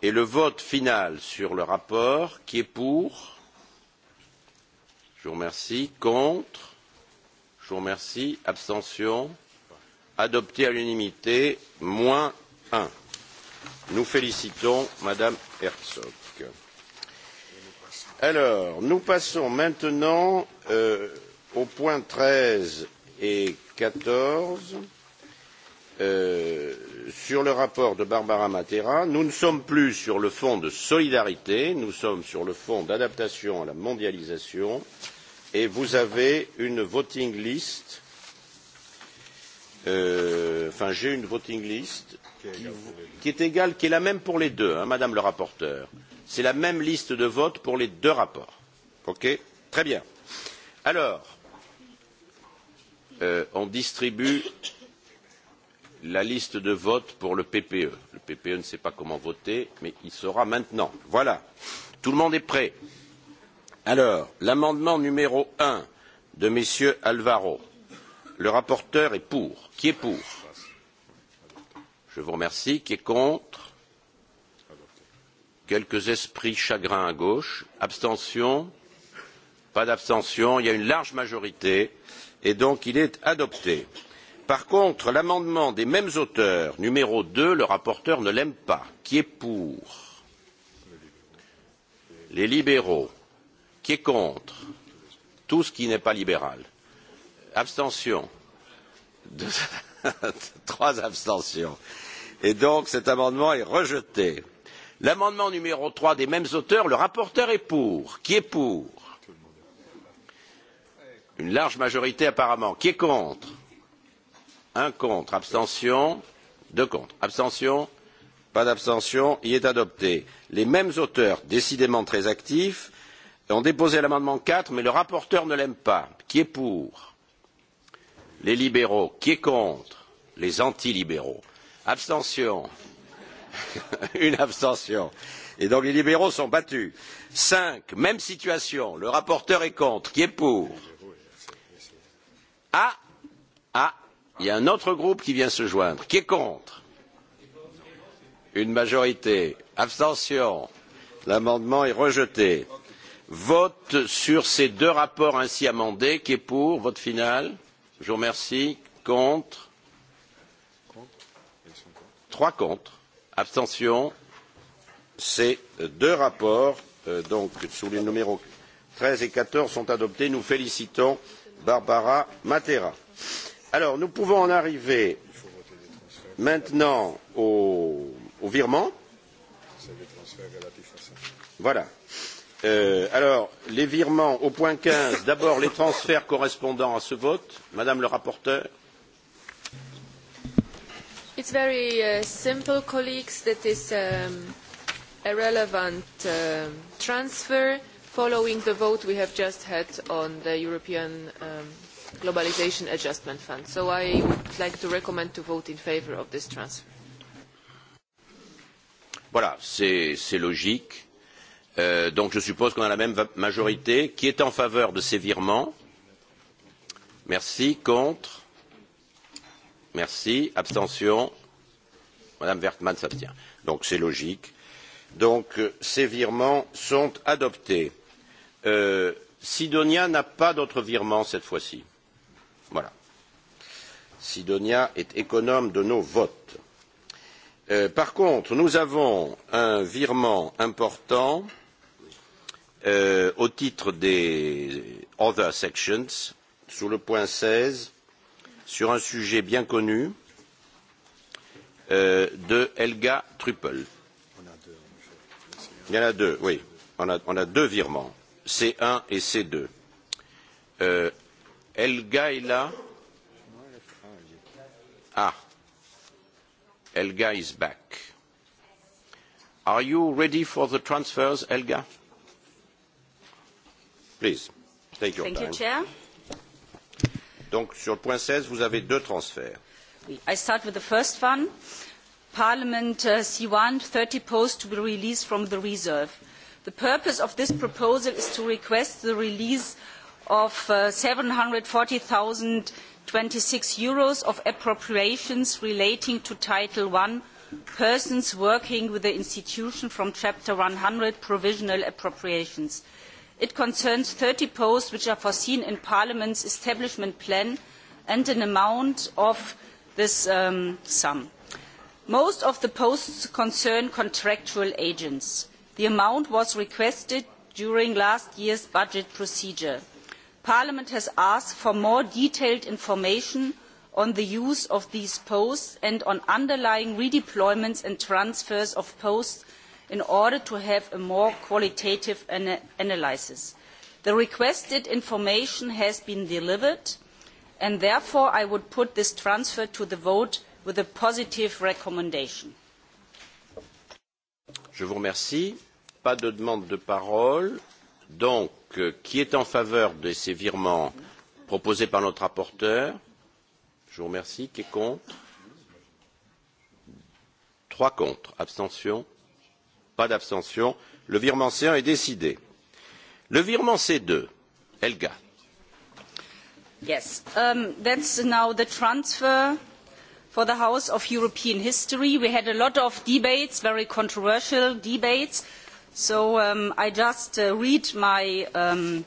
Et le vote final sur le rapport. Qui est pour Je vous remercie. Contre Je vous remercie. Abstention Adopté à l'unanimité, moins 1. Nous félicitons Madame Herzog. Alors, nous passons maintenant euh, aux points 13 et 14. Euh, sur le rapport de barbara matera nous ne sommes plus sur le fonds de solidarité nous sommes sur le fonds d'adaptation à la mondialisation et vous avez une voting list euh, enfin j'ai une voting list qui, qui est égale qui est la même pour les deux hein, madame le rapporteur c'est la même liste de vote pour les deux rapports ok très bien alors euh, on distribue la liste de vote pour le PPE. Le PPE ne sait pas comment voter, mais il saura maintenant. Voilà. Tout le monde est prêt. Alors, l'amendement numéro 1 de M. Alvaro. Le rapporteur est pour. Qui est pour Je vous remercie. Qui est contre Quelques esprits chagrins à gauche. Abstention Pas d'abstention. Il y a une large majorité. Et donc, il est adopté. Par contre, l'amendement des mêmes auteurs, numéro deux le rapporteur ne l'aime pas. Qui est pour Les libéraux. Qui est contre Tout ce qui n'est pas libéral. Abstention. Deux... Trois abstentions. Et donc cet amendement est rejeté. L'amendement numéro trois des mêmes auteurs, le rapporteur est pour. Qui est pour Une large majorité apparemment. Qui est contre un contre abstention deux contre abstention pas d'abstention il est adopté. les mêmes auteurs décidément très actifs ont déposé l'amendement quatre mais le rapporteur ne l'aime pas qui est pour? les libéraux qui est contre? les antilibéraux abstention une abstention et donc les libéraux sont battus. cinq même situation le rapporteur est contre qui est pour? ah ah Il y a un autre groupe qui vient se joindre. Qui est contre Une majorité. Abstention. L'amendement est rejeté. Vote sur ces deux rapports ainsi amendés. Qui est pour Vote final. Je vous remercie. Contre Trois contre. Abstention. Ces deux rapports, euh, donc sous les numéros 13 et 14, sont adoptés. Nous félicitons Barbara Matera. Euh, Alors, nous pouvons en arriver maintenant au, au virement. Voilà. Euh, alors, les virements au point 15, d'abord les transferts correspondant à ce vote. Madame le rapporteur. It's very uh, simple, colleagues. That is um, a relevant uh, transfer following the vote we have just had on the European um, Globalization Adjustment Fund. So I would like to recommend to vote in favor of this transfer. Voilà, c'est logique. Euh, donc je suppose qu'on a la même majorité. Qui est en faveur de ces virements Merci. Contre Merci. Abstention Madame Wertmann s'abstient. Donc c'est logique. Donc euh, ces virements sont adoptés. Euh, Sidonia n'a pas d'autres virements cette fois-ci. Voilà. Sidonia est économe de nos votes. Euh, par contre, nous avons un virement important euh, au titre des Other Sections, sous le point 16, sur un sujet bien connu euh, de Helga Truppel. Il y en a deux, oui. On a, on a deux virements, C1 et C2. Euh, el Gaila. Ah. Elga is back. Are you ready for the transfers, Elga? Please, take your Thank time. Thank you, Chair. Donc, sur le point 16, vous avez deux transferts. I start with the first one. Parliament uh, C1, 30 posts to be released from the reserve. The purpose of this proposal is to request the release of uh, 740,026 euros of appropriations relating to Title I, persons working with the institution from Chapter 100, provisional appropriations. It concerns 30 posts which are foreseen in Parliament's establishment plan and an amount of this um, sum. Most of the posts concern contractual agents. The amount was requested during last year's budget procedure parliament has asked for more detailed information on the use of these posts and on underlying redeployments and transfers of posts in order to have a more qualitative ana analysis. the requested information has been delivered and therefore i would put this transfer to the vote with a positive recommendation. Je vous remercie. Pas de demande de parole. Donc, qui est en faveur de ces virements proposés par notre rapporteur Je vous remercie. Qui est contre Trois contre. Abstention Pas d'abstention. Le virement C1 est décidé. Le virement C2, Helga. Yes, um, that's now the transfer for the House of European History. We had a lot of debates, very controversial debates So um, I just uh, read my um,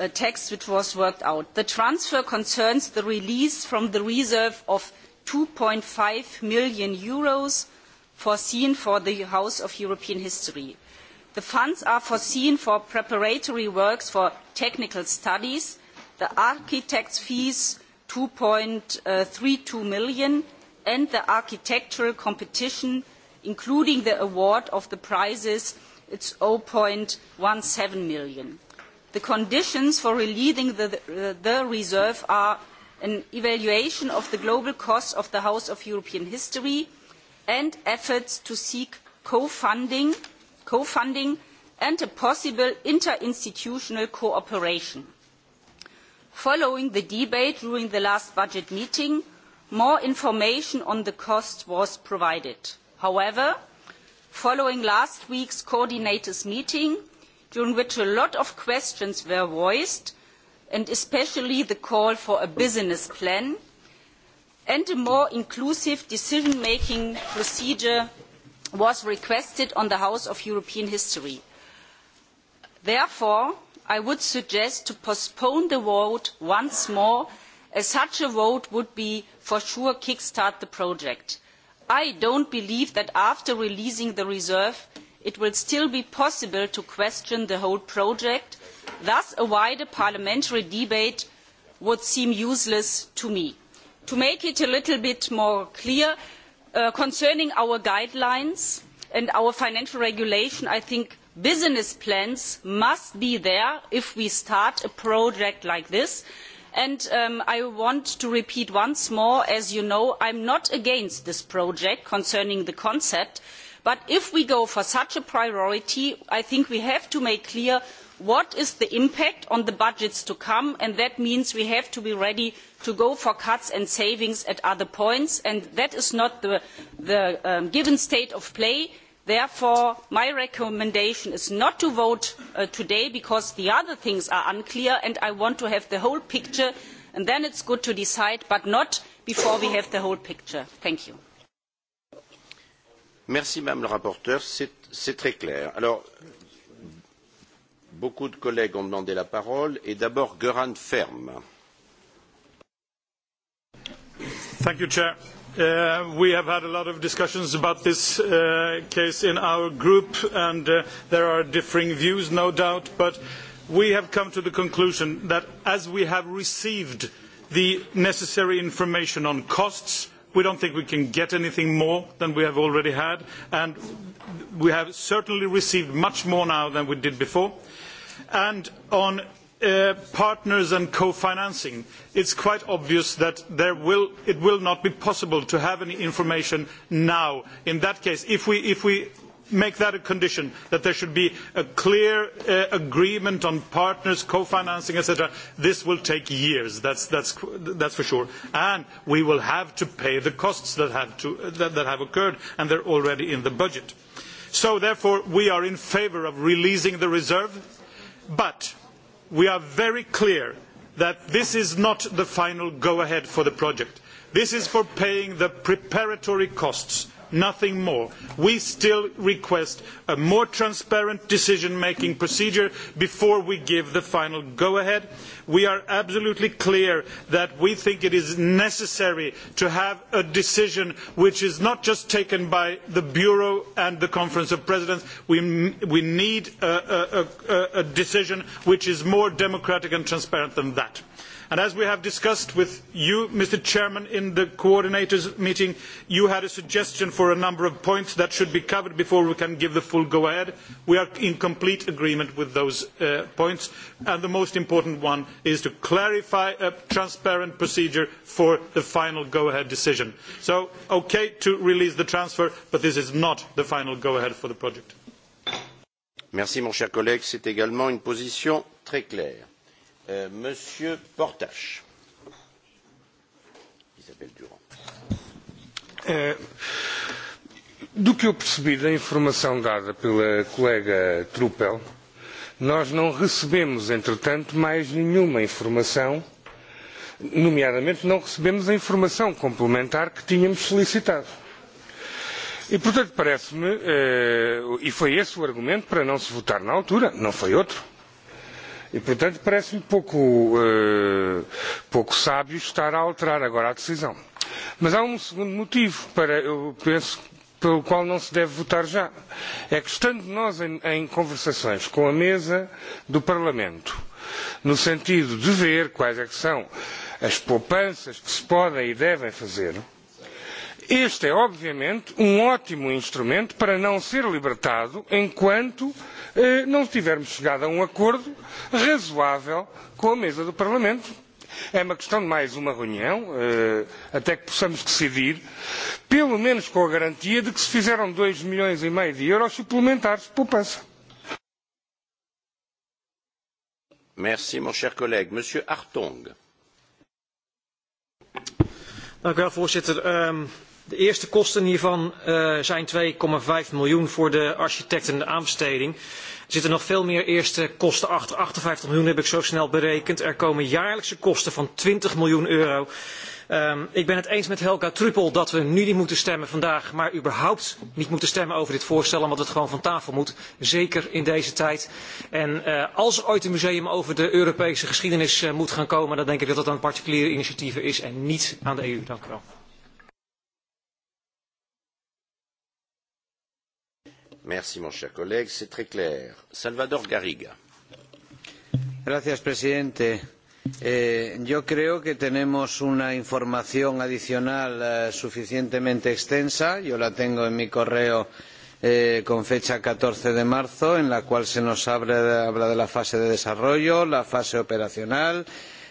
uh, text which was worked out. The transfer concerns the release from the reserve of 2.5 million euros foreseen for the House of European History. The funds are foreseen for preparatory works for technical studies, the architect's fees 2.32 uh, million and the architectural competition including the award of the prizes is 0.17 million. The conditions for releasing the, the, uh, the reserve are an evaluation of the global cost of the House of European History and efforts to seek co-funding co and a possible interinstitutional cooperation. Following the debate during the last budget meeting, more information on the cost was provided however following last week's coordinators' meeting during which a lot of questions were voiced and especially the call for a business plan and a more inclusive decision making procedure was requested on the house of european history. therefore i would suggest to postpone the vote once more as such a vote would be for sure kick start the project i do not believe that after releasing the reserve it will still be possible to question the whole project thus a wider parliamentary debate would seem useless to me. to make it a little bit more clear uh, concerning our guidelines and our financial regulation i think business plans must be there if we start a project like this and um, i want to repeat once more as you know i am not against this project concerning the concept but if we go for such a priority i think we have to make clear what is the impact on the budgets to come and that means we have to be ready to go for cuts and savings at other points and that is not the, um, given state of play therefore my recommendation is not to vote uh, today because the other things are unclear and i want to have the whole picture and then it is good to decide but not before we have the whole picture. thank you. merci madame la rapporteure c'est très clair. alors beaucoup de collègues ont demandé la parole et Thank you, Chair. Uh, we have had a lot of discussions about this uh, case in our group and uh, there are differing views no doubt but we have come to the conclusion that as we have received the necessary information on costs we don't think we can get anything more than we have already had and we have certainly received much more now than we did before and on Uh, partners and co-financing, it is quite obvious that it will not be possible to have any information now. In that case, if we, make that a condition, that there should be a clear uh, agreement on partners, co-financing, etc., this will take years, that's, is for sure. And we will have to pay the costs that have, that have occurred, and they're already in the budget. So therefore, we are in favour of releasing the reserve, but we are very clear that this is not the final go ahead for the project. This is for paying the preparatory costs nothing more. We still request a more transparent decision making procedure before we give the final go ahead. We are absolutely clear that we think it is necessary to have a decision which is not just taken by the Bureau and the Conference of Presidents. We, we need a, a, a, a decision which is more democratic and transparent than that. And as we have discussed with you, Mr Chairman, in the coordinators meeting, you had a suggestion for a number of points that should be covered before we can give the full go-ahead. We are in complete agreement with those uh, points. And the most important one is to clarify a transparent procedure for the final go-ahead decision. So, okay to release the transfer, but this is not the final go-ahead for the project. Merci mon cher collègue, c'est également une position très claire Euh, Monsieur Portache. Isabel Durand. Eh, do que eu percebi da informação dada pela colega Truppel, nós não recebemos, entretanto, mais nenhuma informação, nomeadamente não recebemos a informação complementar que tínhamos solicitado. E, portanto, parece-me, eh, e foi esse o argumento para não se votar na altura, não foi outro, E, portanto, parece-me pouco, uh, pouco sábio estar a alterar agora a decisão. Mas há um segundo motivo para, eu penso, pelo qual não se deve votar já. É que, estando nós em, em conversações com a mesa do Parlamento, no sentido de ver quais é que são as poupanças que se podem e devem fazer, este, é obviamente, um ótimo instrumento para não ser libertado enquanto eh, não tivermos chegado a um acordo razoável com a mesa do Parlamento. É uma questão de mais uma reunião, eh, até que possamos decidir, pelo menos com a garantia de que se fizeram 2 milhões e meio de euros suplementares de poupança. Merci, mon cher collègue. Monsieur Hartong. Dank u wel, voorzitter. Um, de eerste kosten hiervan uh, zijn 2,5 miljoen voor de architect en de aanbesteding. Er zitten nog veel meer eerste kosten achter. 58 miljoen heb ik zo snel berekend. Er komen jaarlijkse kosten van 20 miljoen euro. Um, ik ben het eens met Helga Truppel dat we nu niet moeten stemmen vandaag, maar überhaupt niet moeten stemmen over dit voorstel, omdat het gewoon van tafel moet, zeker in deze tijd. En uh, als er ooit een museum over de Europese geschiedenis uh, moet gaan komen, dan denk ik dat dat aan particuliere initiatieven is en niet aan de EU. Dank u wel. señor presidente. Eh, yo creo que tenemos una información adicional eh, suficientemente extensa. Yo la tengo en mi correo eh, con fecha catorce de marzo, en la cual se nos habla, de la fase de desarrollo, la fase operacional,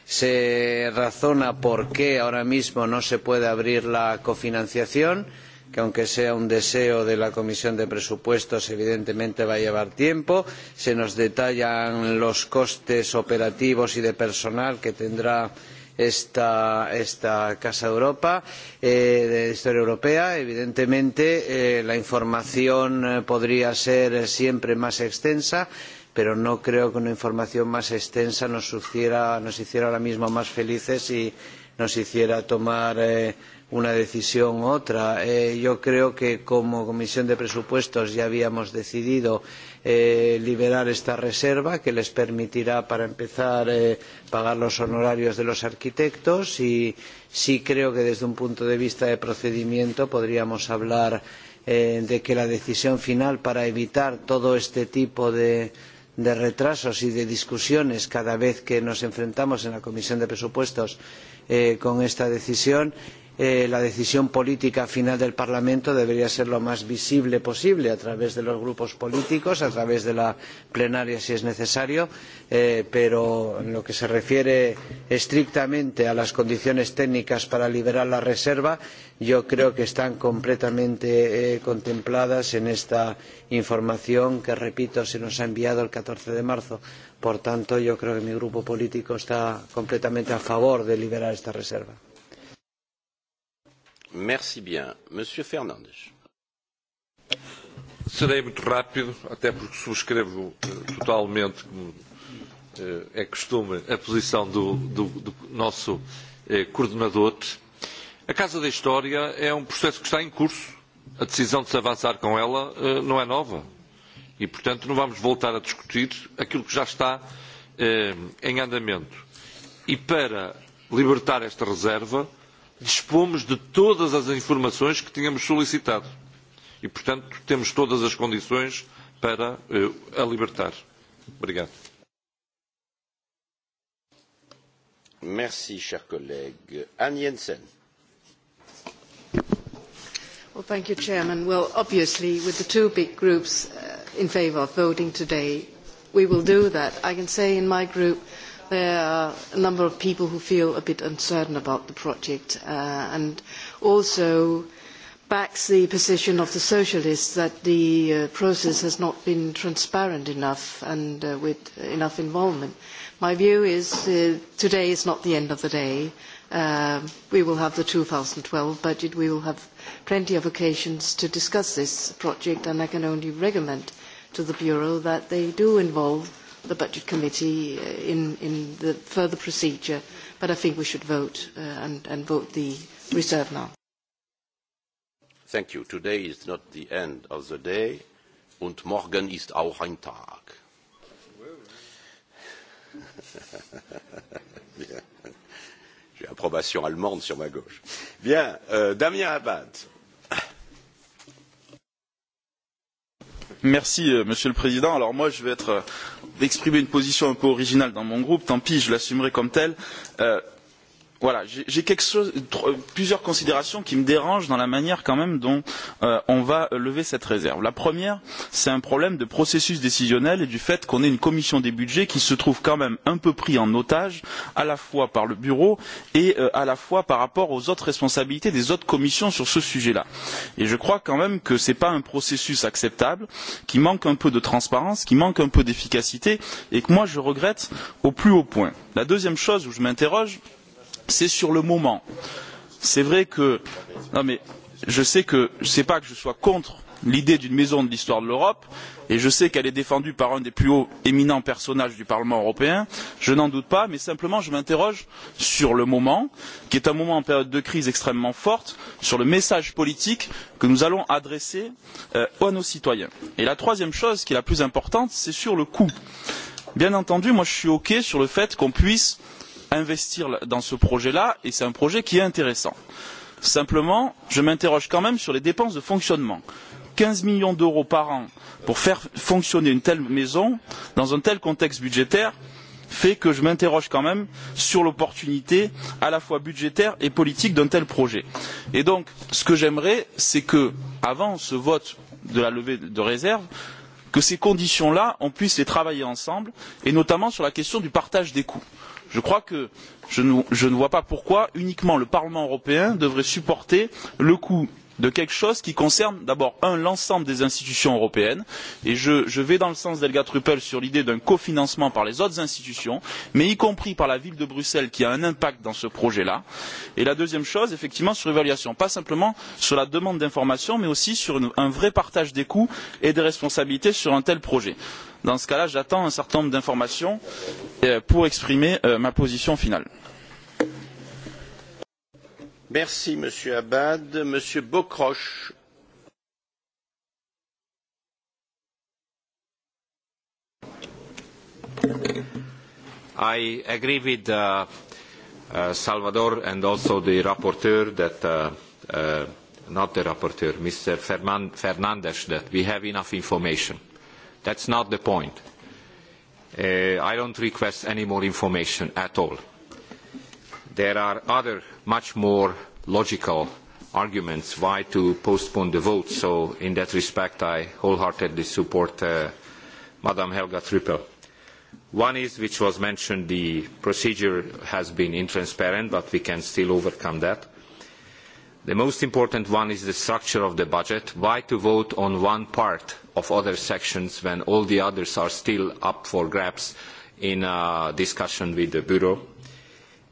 se razona por qué ahora mismo no se puede abrir la cofinanciación. y se que que aunque sea un deseo de la comisión de presupuestos evidentemente va a llevar tiempo se nos detallan los costes operativos y de personal que tendrá esta, esta Casa Europa, eh, de Historia Europea. Evidentemente, eh, la información eh, podría ser siempre más extensa, pero no creo que una información más extensa nos, sugiera, nos hiciera ahora mismo más felices y nos hiciera tomar eh, una decisión u otra. Eh, yo creo que como Comisión de Presupuestos ya habíamos decidido eh, liberar esta reserva que les permitirá, para empezar, eh, pagar los honorarios de los arquitectos y sí creo que desde un punto de vista de procedimiento podríamos hablar eh, de que la decisión final para evitar todo este tipo de de retrasos y de discusiones cada vez que nos enfrentamos en la Comisión de Presupuestos eh, con esta decisión Eh, la decisión política final del Parlamento debería ser lo más visible posible a través de los grupos políticos, a través de la plenaria si es necesario, eh, pero en lo que se refiere estrictamente a las condiciones técnicas para liberar la reserva, yo creo que están completamente eh, contempladas en esta información que, repito, se nos ha enviado el catorce de marzo. Por tanto, yo creo que mi grupo político está completamente a favor de liberar esta reserva. Merci bien. Monsieur Fernandes. Serei muito rápido, até porque subscrevo eh, totalmente, como eh, é costume, a posição do, do, do nosso eh, coordenador. A Casa da História é um processo que está em curso. A decisão de se avançar com ela não é nova. E, portanto, não vamos voltar a discutir aquilo que já está em andamento. E para libertar esta reserva, dispomos de todas as informações que tínhamos solicitado e, portanto, temos todas as condições para eh, a libertar. Obrigado. Merci, cher collègue. Anne Jensen. Well, thank you, Chairman. Well, obviously, with the two big groups uh, in favour of voting today, we will do that. I can say in my group, there are a number of people who feel a bit uncertain about the project uh, and also backs the position of the socialists that the uh, process has not been transparent enough and uh, with enough involvement. My view is uh, today is not the end of the day. Uh, we will have the 2012 budget. We will have plenty of occasions to discuss this project and I can only recommend to the Bureau that they do involve the Budget Committee uh, in, in the further procedure, but I think we should vote uh, and, and vote the reserve now. Thank you. Today is not the end of the day und morgen ist auch ein Tag. J'ai approbation allemande sur ma gauche. Bien, euh, Damien Abad. Euh, monsieur le président alors moi je vais euh, exprimer une position un peu originale dans mon groupe tant pis je l'assumerai comme telle. Euh, voilà, j'ai quelque chose, euh, plusieurs considérations qui me dérangent dans la manière quand même dont euh, on va euh, lever cette réserve. La première, c'est un problème de processus décisionnel et du fait qu'on ait une commission des budgets qui se trouve quand même un peu pris en otage, à la fois par le bureau et euh, à la fois par rapport aux autres responsabilités des autres commissions sur ce sujet-là. Et je crois quand même que ce n'est pas un processus acceptable, qui manque un peu de transparence, qui manque un peu d'efficacité et que moi je regrette au plus haut point. La deuxième chose où je m'interroge, c'est sur le moment. C'est vrai que non mais je sais que sais pas que je sois contre l'idée d'une maison de l'histoire de l'Europe et je sais qu'elle est défendue par un des plus hauts éminents personnages du Parlement européen, je n'en doute pas, mais simplement je m'interroge sur le moment, qui est un moment en période de crise extrêmement forte, sur le message politique que nous allons adresser euh, à nos citoyens. Et la troisième chose qui est la plus importante, c'est sur le coût. Bien entendu, moi je suis OK sur le fait qu'on puisse euh, investir dans ce projet là et c'est un projet qui est intéressant. simplement je m'interroge quand même sur les dépenses de fonctionnement quinze millions d'euros par an pour faire fonctionner une telle maison dans un tel contexte budgétaire fait que je m'interroge quand même sur l'opportunité à la fois budgétaire et politique d'un tel projet. Et donc, ce que j'aimerais, c'est que, avant ce vote de la levée de réserve, que ces conditions là on puisse les travailler ensemble et notamment sur la question du partage des coûts je crois que je ne, je ne vois pas pourquoi uniquement le parlement européen devrait supporter le coût de quelque chose qui concerne d'abord l'ensemble des institutions européennes et je, je vais dans le sens d'helga truppel sur l'idée d'un cofinancement par les autres institutions mais y compris par la ville de bruxelles qui a un impact dans ce projet là et la deuxième chose effectivement sur l'évaluation pas simplement sur la demande d'information mais aussi sur une, un vrai partage des coûts et des responsabilités sur un tel projet dans ce cas là j'attends un certain nombre d'informations euh, pour exprimer euh, ma position finale. Merci Monsieur Abad. Monsieur Bocroche. I agree with uh, uh, Salvador and also the rapporteur that uh, uh, not the rapporteur, Mr. Fernandes, that we have enough information That's not the point. Uh, I don't request any more information at all. There are other much more logical arguments why to postpone the vote, so in that respect I wholeheartedly support uh, Madam Helga Trippel. One is, which was mentioned, the procedure has been intransparent, but we can still overcome that the most important one is the structure of the budget why to vote on one part of other sections when all the others are still up for grabs in a uh, discussion with the bureau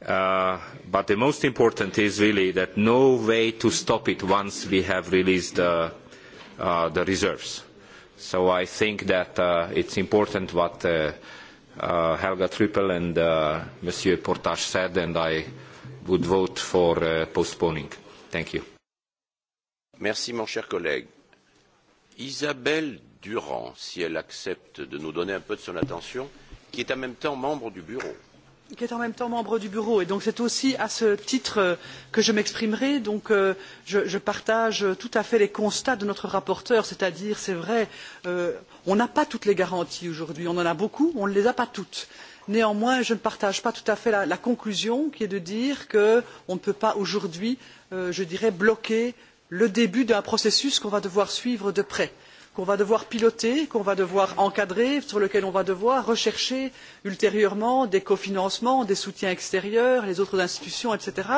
uh, but the most important is really that no way to stop it once we have released uh, uh, the reserves. So I think that uh, it's important what uh, uh, Helga Trippel and uh, Monsieur Portage said, and I would vote for uh, postponing. Thank you. Merci, mon cher collègue. Isabelle Durand, si elle accepte de nous donner un peu de son attention, qui est en même temps membre du bureau qui est en même temps membre du bureau et donc c'est aussi à ce titre euh, que je m'exprimerai donc euh, je, je partage tout à fait les constats de notre rapporteur c'est à dire c'est vrai euh, on n'a pas toutes les garanties aujourd'hui on en a beaucoup on ne les a pas toutes néanmoins je ne partage pas tout à fait la, conclusion qui est de dire qu'on ne peut pas aujourd'hui euh, bloquer le début d'un processus qu'on va devoir suivre de près qu'on va devoir piloter qu'on va devoir encadrer sur lequel on va devoir rechercher ultérieurement des cofinancements des soutiens extérieurs les autres institutions etc.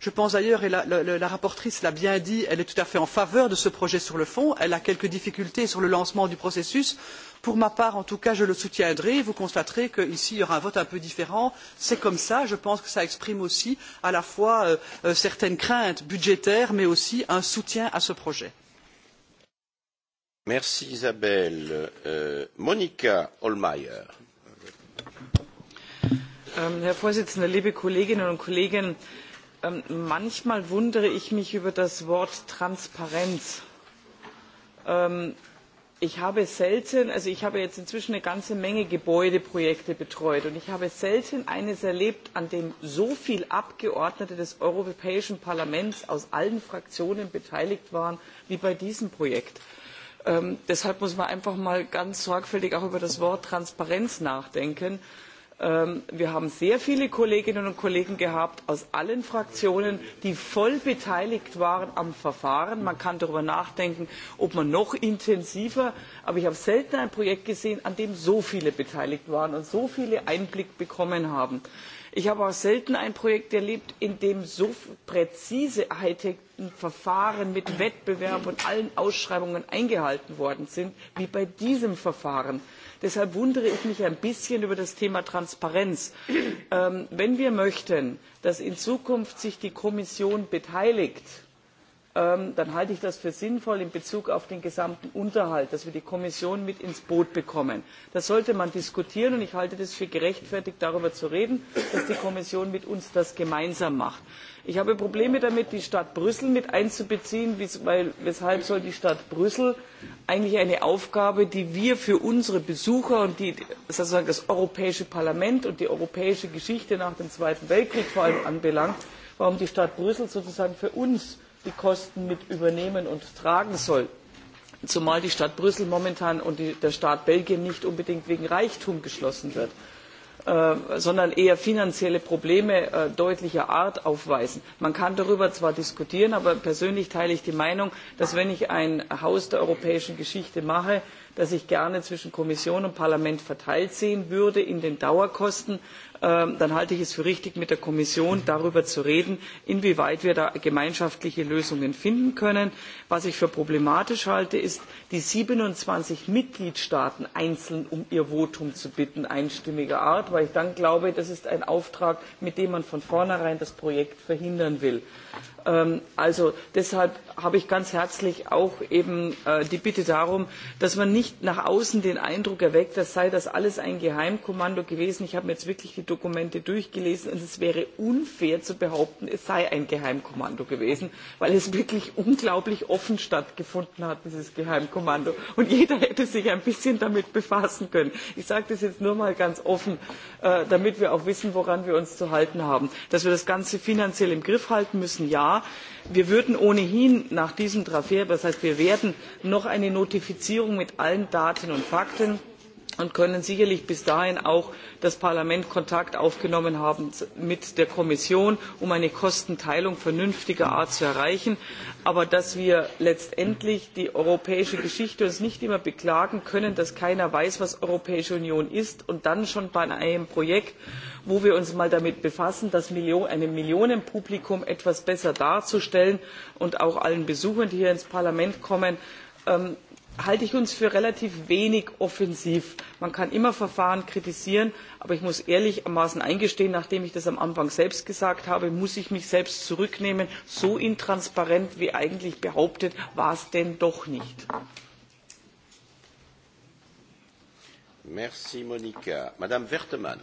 je pense d'ailleurs et la, rapporteure l'a bien dit qu'elle est tout à fait en faveur de ce projet sur le fond elle a quelques difficultés sur le lancement du processus pour ma part en tout cas je le soutiendrai et vous constaterez qu'ici il y aura un vote un peu différent c'est comme cela je pense que cela exprime aussi à la fois euh, euh, certaines craintes budgétaires mais aussi un soutien à ce projet. Merci Isabelle. Euh, Monika Hohlmeier. Ähm, Herr Vorsitzender, liebe Kolleginnen und Kollegen, ähm, manchmal wundere ich mich über das Wort Transparenz. Ähm, ich habe selten also ich habe jetzt inzwischen eine ganze menge gebäudeprojekte betreut und ich habe selten eines erlebt an dem so viele abgeordnete des europäischen parlaments aus allen fraktionen beteiligt waren wie bei diesem projekt. Ähm, deshalb muss man einfach mal ganz sorgfältig auch über das wort transparenz nachdenken Ähm, wir haben sehr viele kolleginnen und kollegen gehabt aus allen fraktionen die voll beteiligt waren am verfahren. man kann darüber nachdenken ob man noch intensiver aber ich habe selten ein projekt gesehen an dem so viele beteiligt waren und so viele einblick bekommen haben. ich habe auch selten ein projekt erlebt in dem so präzise hightech verfahren mit wettbewerb und allen ausschreibungen eingehalten worden sind wie bei diesem verfahren deshalb wundere ich mich ein bisschen über das thema transparenz. Ähm, wenn wir möchten dass sich die kommission in zukunft beteiligt Ähm, dann halte ich das für sinnvoll in bezug auf den gesamten unterhalt dass wir die kommission mit ins boot bekommen. das sollte man diskutieren und ich halte es für gerechtfertigt darüber zu reden dass die kommission mit uns das gemeinsam macht. ich habe probleme damit die stadt brüssel mit einzubeziehen weil, weshalb soll die stadt brüssel eigentlich eine aufgabe die wir für unsere besucher und die, sozusagen das europäische parlament und die europäische geschichte nach dem zweiten weltkrieg vor allem anbelangt warum die stadt brüssel sozusagen für uns die Kosten mit übernehmen und tragen soll. Zumal die Stadt Brüssel momentan und die, der Staat Belgien nicht unbedingt wegen Reichtum geschlossen wird. Äh, sondern eher finanzielle Probleme äh, deutlicher Art aufweisen. Man kann darüber zwar diskutieren, aber persönlich teile ich die Meinung, dass wenn ich ein Haus der europäischen Geschichte mache, das ich gerne zwischen Kommission und Parlament verteilt sehen würde in den Dauerkosten, Ähm, dann halte ich es für richtig mit der kommission darüber zu reden inwieweit wir da gemeinschaftliche lösungen finden können. was ich für problematisch halte ist die siebenundzwanzig mitgliedstaaten einzeln um ihr votum zu bitten einstimmiger art weil ich dann glaube das ist ein auftrag mit dem man von vornherein das projekt verhindern will. Ähm, also deshalb habe ich ganz herzlich auch eben äh, die Bitte darum, dass man nicht nach außen den Eindruck erweckt, das sei das alles ein Geheimkommando gewesen. Ich habe mir jetzt wirklich die Dokumente durchgelesen und es wäre unfair zu behaupten, es sei ein Geheimkommando gewesen, weil es wirklich unglaublich offen stattgefunden hat, dieses Geheimkommando. Und jeder hätte sich ein bisschen damit befassen können. Ich sage das jetzt nur mal ganz offen, äh, damit wir auch wissen, woran wir uns zu halten haben. Dass wir das Ganze finanziell im Griff halten müssen, diesem jahr. wir würden ohnehin nach diesem transfer das heißt wir werden noch eine notifizierung mit allen daten und fakten und können sicherlich bis dahin auch das parlament kontakt aufgenommen haben mit der kommission um eine kostenteilung vernünftiger art zu erreichen. aber dass wir letztendlich die europäische geschichte uns nicht immer beklagen können dass keiner weiß was europäische union ist und dann schon bei einem projekt wo wir uns mal damit befassen das einem millionenpublikum etwas besser darzustellen und auch allen besuchern die hier ins parlament kommen ähm, halte ich uns für relativ wenig offensiv. Man kann immer Verfahren kritisieren, aber ich muss ehrlichermaßen eingestehen, nachdem ich das am Anfang selbst gesagt habe, muss ich mich selbst zurücknehmen. So intransparent, wie eigentlich behauptet, war es denn doch nicht. Merci Monika. Madame Wertemann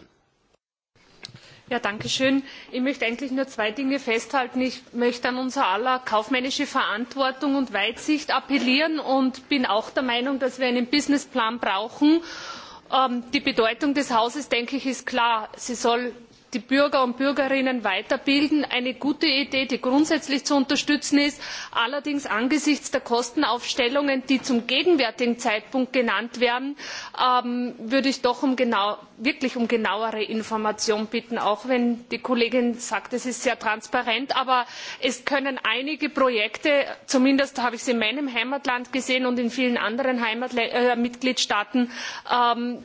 herr präsident! ich möchte eigentlich nur zwei dinge festhalten ich möchte an unser aller kaufmännische verantwortung und weitsicht appellieren und bin auch der meinung dass wir einen businessplan brauchen. Ähm, die bedeutung des hauses ist klar sie soll die bürger und bürgerinnen weiterbilden eine gute idee die grundsätzlich zu unterstützen ist allerdings angesichts der kostenaufstellungen die zum gegenwärtigen zeitpunkt genannt werden ähm, würde ich doch um wirklich um genauere information bitten auch wenn die kollegin sagt es ist sehr transparent. aber es können einige projekte zumindest habe ich es in meinem heimatland gesehen und in vielen anderen äh, mitgliedstaaten ähm,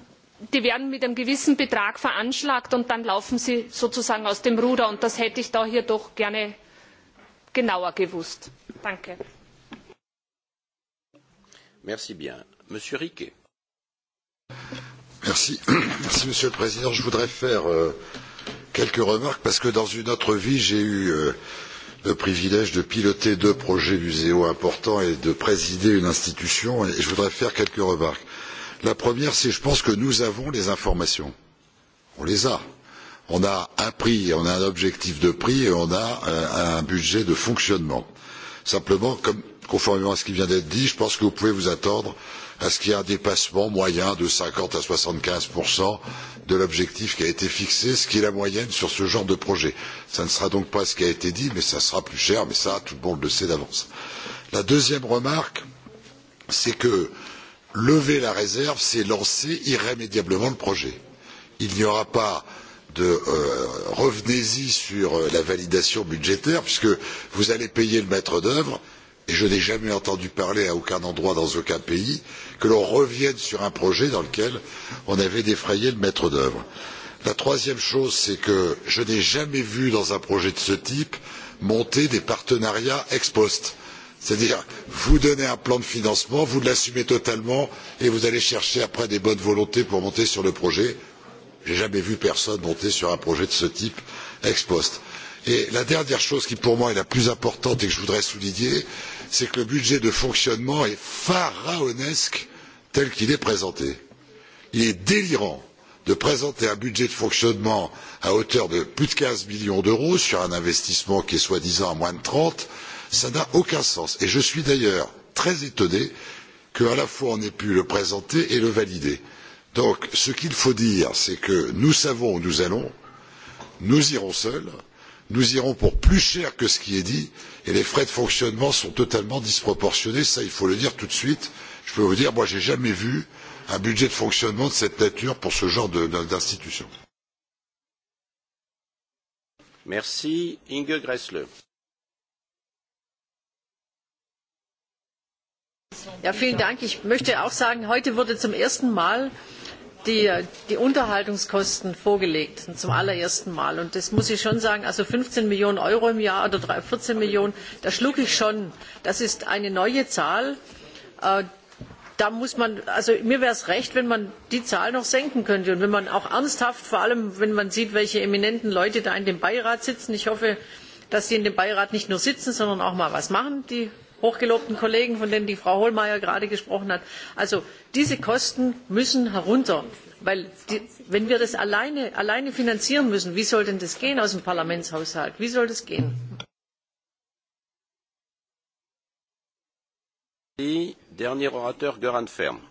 die werden mit einem gewissen betrag veranschlagt und dann laufen sie sozusagen aus dem ruder. Und das hätte ich da hier doch gerne genauer gewusst. Danke. Merci bien. Monsieur Riquet. Merci. Merci, Monsieur le Président. Je voudrais faire euh, quelques remarques parce que dans une autre vie, j'ai eu euh, le privilège de piloter deux projets muséaux importants et de présider une institution et je voudrais faire quelques remarques. La première, c'est je pense que nous avons les informations. On les a. On a un prix, on a un objectif de prix et on a un, euh, un budget de fonctionnement. Simplement, comme, conformément à ce qui vient d'être dit, je pense que vous pouvez vous attendre à ce qu'il y ait un dépassement moyen de 50 à 75 de l'objectif qui a été fixé, ce qui est la moyenne sur ce genre de projet. Ça ne sera donc pas ce qui a été dit, mais ça sera plus cher, mais ça, tout le monde le sait d'avance. La deuxième remarque, c'est que lever la réserve, c'est lancer irrémédiablement le projet. Il n'y aura pas de euh, revenez-y sur euh, la validation budgétaire, puisque vous allez payer le maître d'œuvre, et je n'ai jamais entendu parler à aucun endroit dans aucun pays que l'on revienne sur un projet dans lequel on avait défrayé le maître d'œuvre. La troisième chose, c'est que je n'ai jamais vu dans un projet de ce type monter des partenariats ex post. C'est-à-dire, vous donnez un plan de financement, vous l'assumez totalement et vous allez chercher après des bonnes volontés pour monter sur le projet. J'ai jamais vu personne monter sur un projet de ce type ex post. Et la dernière chose qui pour moi est la plus importante et que je voudrais souligner, c'est que le budget de fonctionnement est pharaonesque tel qu'il est présenté. Il est délirant de présenter un budget de fonctionnement à hauteur de plus de 15 millions d'euros sur un investissement qui est soi-disant à moins de 30 millions ça n'a aucun sens. Et je suis d'ailleurs très étonné qu'à la fois on ait pu le présenter et le valider. Donc, ce qu'il faut dire, c'est que nous savons où nous allons, nous irons seuls, nous irons pour plus cher que ce qui est dit, et les frais de fonctionnement sont totalement disproportionnés, ça il faut le dire tout de suite. Je peux vous dire, moi j'ai jamais vu un budget de fonctionnement de cette nature pour ce genre d'institution. Merci Inge Gressle. Ja, vielen Dank. Ich möchte auch sagen, heute wurde zum ersten Mal die, die Unterhaltungskosten vorgelegt, zum allerersten Mal. Und das muss ich schon sagen, also 15 Millionen Euro im Jahr oder 14 Millionen, da schlug ich schon. Das ist eine neue Zahl. Äh, da muss man, also mir wäre es recht, wenn man die Zahl noch senken könnte und wenn man auch ernsthaft, vor allem wenn man sieht, welche eminenten Leute da in dem Beirat sitzen, ich hoffe, dass sie in dem Beirat nicht nur sitzen, sondern auch mal was machen, die hochgelobten Kollegen, von denen die Frau Hohlmeier gerade gesprochen hat. Also diese Kosten müssen herunter, weil die, wenn wir das alleine, alleine finanzieren müssen, wie soll denn das gehen aus dem Parlamentshaushalt? Wie soll das gehen? Dernier orateur, Göran Ferm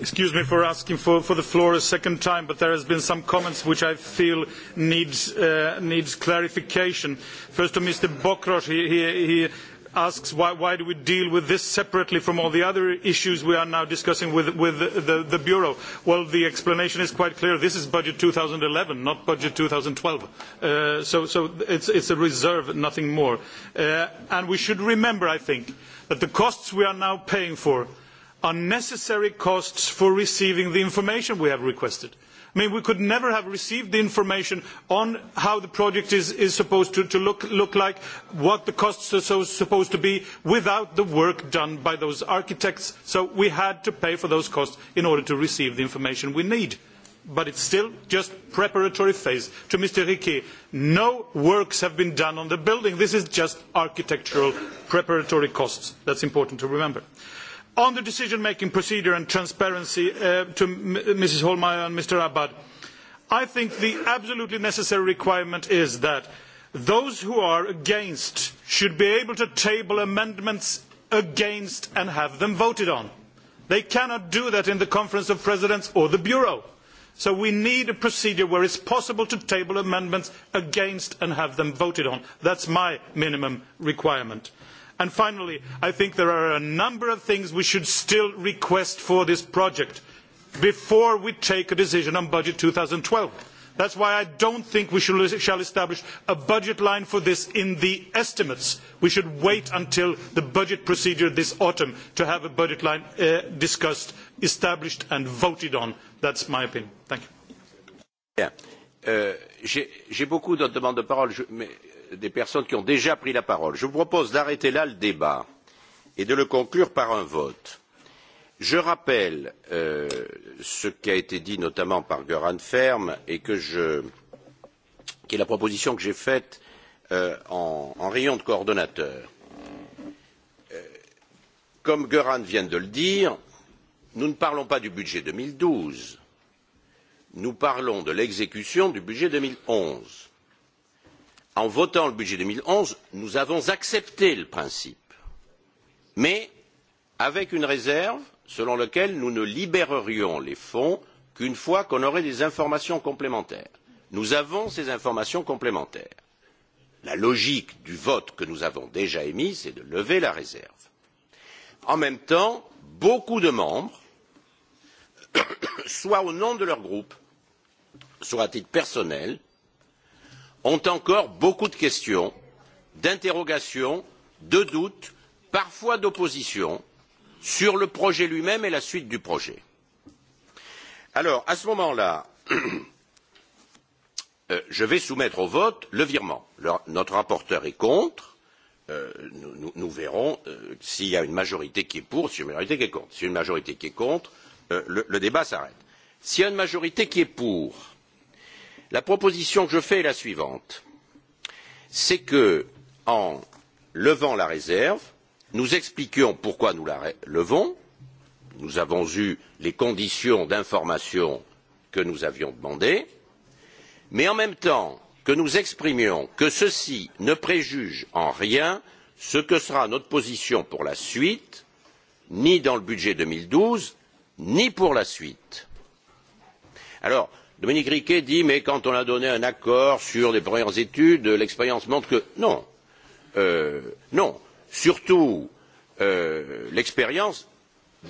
excuse me for asking for, for, the floor a second time, but there has been some comments which I feel needs, uh, needs clarification. First to Mr. Bokros, he, he, he asks why, why, do we deal with this separately from all the other issues we are now discussing with, with the, the, the, Bureau? Well, the explanation is quite clear. This is budget 2011, not budget 2012. Uh, so so it's, it's a reserve, nothing more. Uh, and we should remember, I think, that the costs we are now paying for – unnecessary costs for receiving the information we have requested. I mean, we could never have received the information on how the project is, is supposed to, to look, look, like, what the costs are so, supposed to be, without the work done by those architects. So we had to pay for those costs in order to receive the information we need. But it's still just preparatory phase. To Mr. Riquet, no works have been done on the building. This is just architectural preparatory costs. That's important to remember on the decision making procedure and transparency uh, to mrs hohlmeier and mr abad i think the absolutely necessary requirement is that those who are against should be able to table amendments against and have them voted on. they cannot do that in the conference of presidents or the bureau so we need a procedure where it is possible to table amendments against and have them voted on. that is my minimum requirement. And finally i think there are a number of things we should still request for this project before we take a decision on budget. two thousand and twelve that is why i do not think we shall establish a budget line for this in the estimates. we should wait until the budget procedure this autumn to have a budget line uh, discussed established and voted on. that is my opinion. thank you. Yeah. Euh, j'ai beaucoup de demandes de parole je, mais des personnes qui ont déjà pris la parole. Je vous propose d'arrêter là le débat et de le conclure par un vote. Je rappelle euh, ce qui a été dit notamment par Göran Ferm et que je, qui est la proposition que j'ai faite euh, en, en réunion de coordonnateurs. Euh, comme Göran vient de le dire, nous ne parlons pas du budget 2012, nous parlons de l'exécution du budget 2011 en votant le budget deux mille onze nous avons accepté le principe mais avec une réserve selon laquelle nous ne libérerions les fonds qu'une fois qu'on aurait des informations complémentaires. nous avons ces informations complémentaires. la logique du vote que nous avons déjà émis c'est de lever la réserve. en même temps beaucoup de membres soit au nom de leur groupe soit à titre personnel ont encore beaucoup de questions, d'interrogations, de doutes, parfois d'oppositions sur le projet lui-même et la suite du projet. Alors, à ce moment-là, euh, je vais soumettre au vote le virement. Le, notre rapporteur est contre. Euh, nous, nous, nous verrons euh, s'il y a une majorité qui est pour, s'il y a une majorité qui est contre. S'il y a une majorité qui est contre, euh, le, le débat s'arrête. S'il y a une majorité qui est pour, la proposition que je fais est la suivante c'est que, en levant la réserve, nous expliquions pourquoi nous la levons nous avons eu les conditions d'information que nous avions demandées mais en même temps que nous exprimions que ceci ne préjuge en rien ce que sera notre position pour la suite ni dans le budget deux mille douze ni pour la suite. alors Dominique Riquet dit mais quand on a donné un accord sur les premières études, l'expérience montre que non. Euh, non. Surtout, euh, l'expérience,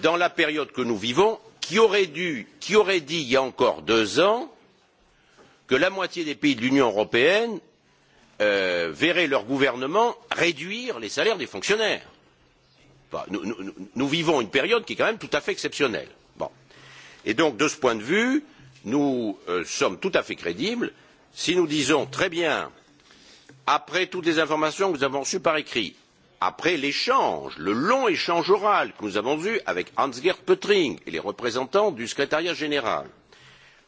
dans la période que nous vivons, qui aurait, dû, qui aurait dit il y a encore deux ans que la moitié des pays de l'Union européenne euh, verraient leur gouvernement réduire les salaires des fonctionnaires enfin, nous, nous, nous vivons une période qui est quand même tout à fait exceptionnelle. Bon. Et donc, de ce point de vue, euh, nous euh, sommes tout à fait crédibles si nous disons très bien après toutes les informations que nous avons reçues par écrit, après l'échange, le long échange oral que nous avons eu avec Hans-Gerd Pöttering et les représentants du secrétariat général,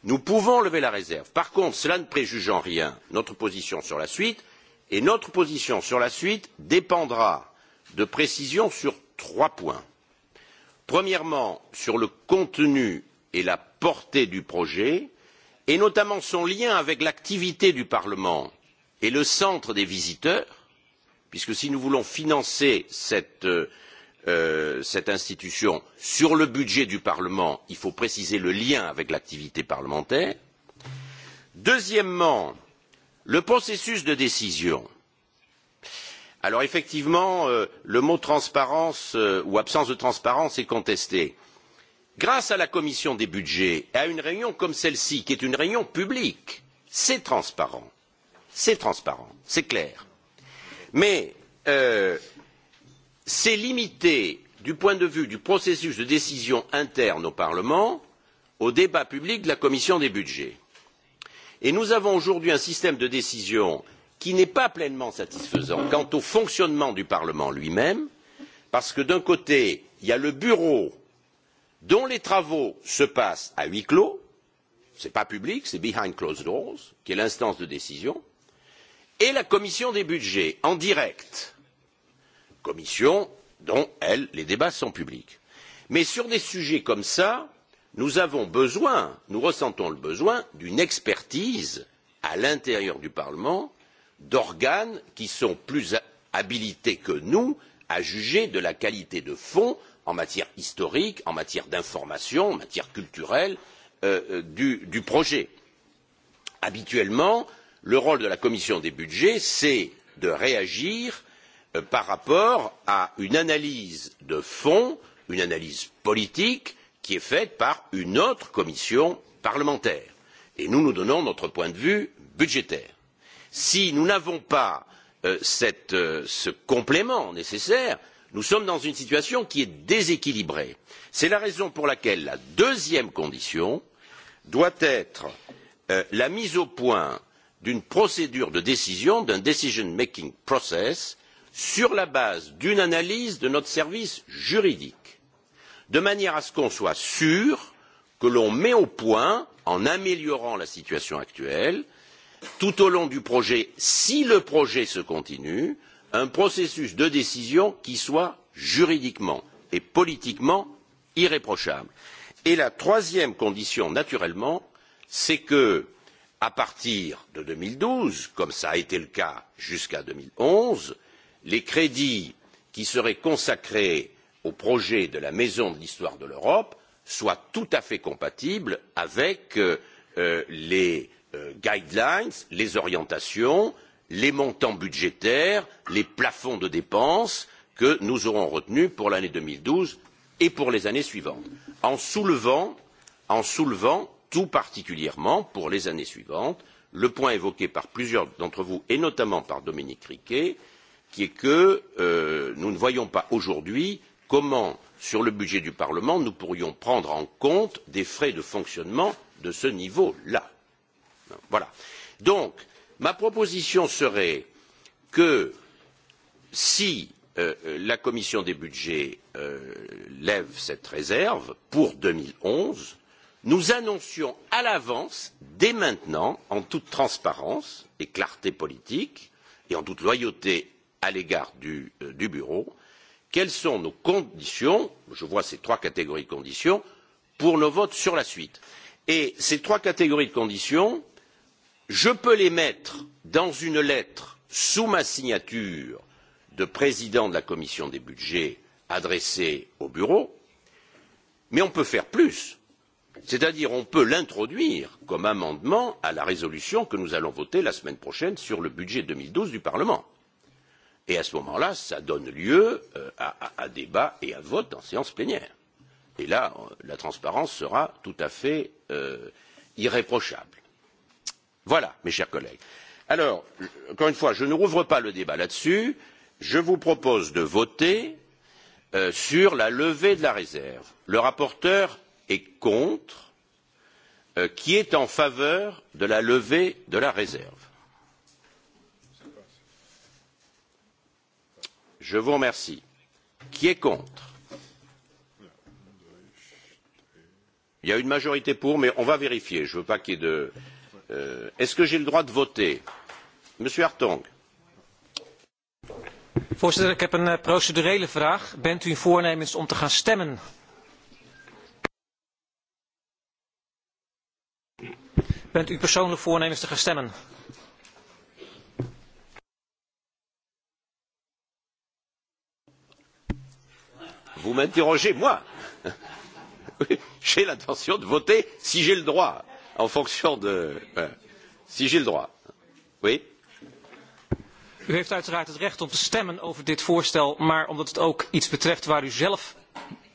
nous pouvons lever la réserve. Par contre, cela ne préjuge en rien notre position sur la suite, et notre position sur la suite dépendra de précisions sur trois points. Premièrement, sur le contenu et la portée du projet et notamment son lien avec l'activité du Parlement et le centre des visiteurs, puisque si nous voulons financer cette, euh, cette institution sur le budget du Parlement, il faut préciser le lien avec l'activité parlementaire. Deuxièmement, le processus de décision. Alors effectivement, euh, le mot transparence euh, ou absence de transparence est contesté. Euh, grâce à la commission des budgets et à une réunion comme celle ci qui est une réunion publique c'est transparent c'est transparent c'est clair mais euh, c'est limité du point de vue du processus de décision interne au parlement au débat public de la commission des budgets et nous avons aujourd'hui un système de décision qui n'est pas pleinement satisfaisant quant au fonctionnement du parlement lui même parce que d'un côté il y a le bureau dont les travaux se passent à huis clos, ce n'est pas public, c'est behind closed doors, qui est l'instance de décision, et la commission des budgets en direct, commission dont, elle, les débats sont publics. Mais sur des sujets comme ça, nous avons besoin, nous ressentons le besoin d'une expertise à l'intérieur du Parlement d'organes qui sont plus habilités que nous à juger de la qualité de fond en matière historique, en matière d'information, en matière culturelle euh, euh, du, du projet. Habituellement, le rôle de la commission des budgets, c'est de réagir euh, par rapport à une analyse de fond, une analyse politique qui est faite par une autre commission parlementaire. Et nous, nous donnons notre point de vue budgétaire. Si nous n'avons pas euh, cette, euh, ce complément nécessaire, Nous sommes dans une situation qui est déséquilibrée. C'est la raison pour laquelle la deuxième condition doit être euh, la mise au point d'une procédure de décision, d'un decision making process, sur la base d'une analyse de notre service juridique, de manière à ce qu'on soit sûr que l'on met au point, en améliorant la situation actuelle, tout au long du projet, si le projet se continue, un processus de décision qui soit juridiquement et politiquement irréprochable. et la troisième condition naturellement c'est que à partir de deux mille douze comme cela a été le cas jusqu'à deux mille onze les crédits qui seraient consacrés au projet de la maison de l'histoire de l'europe soient tout à fait compatibles avec euh, euh les euh, guidelines les orientations euh, les montants budgétaires, les plafonds de dépenses que nous aurons retenus pour l'année 2012 et pour les années suivantes, en soulevant, en soulevant tout particulièrement pour les années suivantes le point évoqué par plusieurs d'entre vous et notamment par Dominique Riquet, qui est que euh, nous ne voyons pas aujourd'hui comment, sur le budget du Parlement, nous pourrions prendre en compte des frais de fonctionnement de ce niveau-là. Voilà. Donc, ma proposition serait que si euh, la commission des budgets euh, lève cette réserve pour deux mille onze nous annoncions à l'avance dès maintenant en toute transparence et clarté politique et en toute loyauté à l'égard du, euh, du bureau quelles sont nos conditions je vois ces trois catégories de conditions pour nos votes sur la suite et ces trois catégories de conditions je peux les mettre dans une lettre sous ma signature de président de la commission des budgets adressée au bureau mais on peut faire plus c'est à dire on peut l'introduire comme amendement à la résolution que nous allons voter la semaine prochaine sur le budget deux mille douze du parlement et à ce moment là cela donne lieu euh, à, à, à débat et à vote en séance plénière et là euh, la transparence sera tout à fait euh, irréprochable. Voilà, mes chers collègues. Alors, encore une fois, je ne rouvre pas le débat là-dessus. Je vous propose de voter euh, sur la levée de la réserve. Le rapporteur est contre. Euh, qui est en faveur de la levée de la réserve Je vous remercie. Qui est contre Il y a une majorité pour, mais on va vérifier. Je ne veux pas qu'il y ait de. Euh, Euh, est-ce que j'ai le droit de voter Monsieur Hartong. Voorzitter, ik heb een eh, procedurele vraag. Bent u voornemens om te gaan stemmen? Bent u persoonlijk voornemens te gaan stemmen? Vous m'interrogez, moi J'ai l'intention de voter si j'ai le droit en fonction de. Si j'ai le droit. Oui. U heeft uiteraard het recht om te stemmen over dit voorstel, maar omdat het ook iets betreft waar u zelf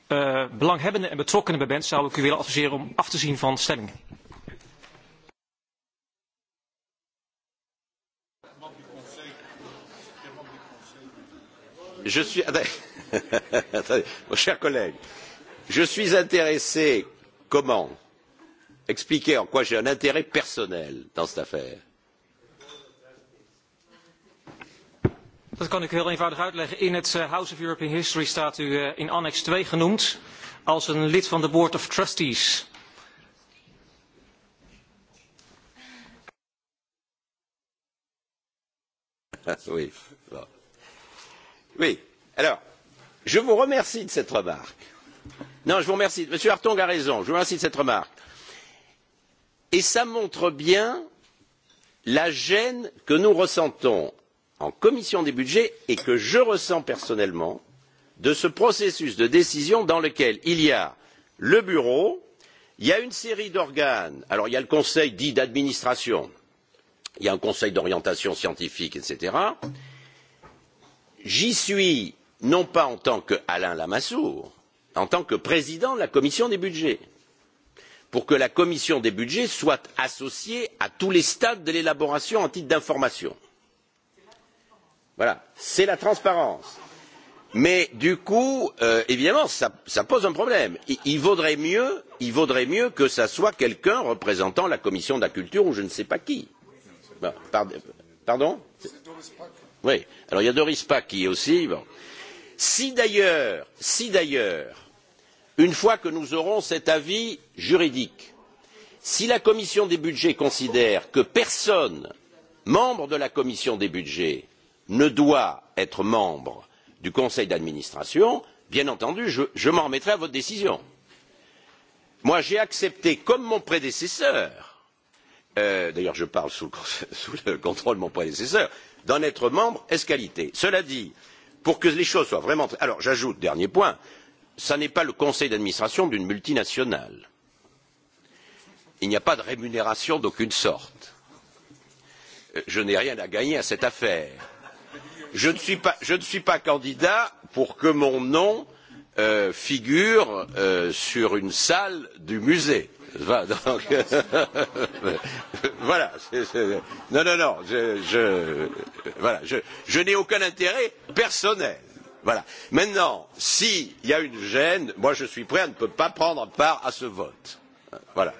uh, belanghebbende en betrokkenen bij bent, zou ik u willen adviseren om af te zien van stemming. Je suis, attendez, mon cher collègue, je suis intéressé comment expliquer en quoi j'ai un intérêt personnel dans cette affaire. Dat kan ik heel eenvoudig uitleggen. In het eh, House of European History staat u eh, in annex 2 genoemd als een lid van de Board of Trustees. oui. Bon. Oui. Alors, je vous remercie de cette remarque. Non, je vous remercie. Monsieur Hartong a raison. Je vous remercie de cette remarque et cela montre bien la gêne que nous ressentons en commission des budgets et que je ressens personnellement de ce processus de décision dans lequel il y a le bureau il y a une série d'organes alors il y a le conseil dit d'administration il y a un conseil d'orientation scientifique etc. j'y suis non pas en tant qu'alain lamassoure en tant que président de la commission des budgets pour que la commission des budgets soit associée à tous les stades de l'élaboration en titre d'information. Voilà, c'est la transparence. Mais du coup, euh, évidemment, ça, ça pose un problème. Il, il, vaudrait mieux, il vaudrait mieux que ça soit quelqu'un représentant la commission de la culture ou je ne sais pas qui. Bon, pardon, pardon Oui, alors il y a Doris Pack qui est aussi. Bon. Si d'ailleurs, si d'ailleurs, une fois que nous aurons cet avis juridique si la commission des budgets considère que personne membre de la commission des budgets ne doit être membre du conseil d'administration bien entendu je, je m'en remettrai à votre décision. moi j'ai accepté comme mon prédécesseur euh, d'ailleurs je parle sous le, sous le contrôle de mon prédécesseur d'en être membre ès qualité. cela dit pour que les choses soient vraiment alors j'ajoute dernier point ce n'est pas le conseil d'administration d'une multinationale. Il n'y a pas de rémunération d'aucune sorte. Je n'ai rien à gagner à cette affaire. Je ne suis pas, je ne suis pas candidat pour que mon nom euh, figure euh, sur une salle du musée. Enfin, donc, voilà. C est, c est... Non, non, non. Je, je, voilà, je, je n'ai aucun intérêt personnel Voilà. Maintenant, s'il y a une gêne, moi je suis prêt à ne peut pas prendre part à ce vote. Voilà.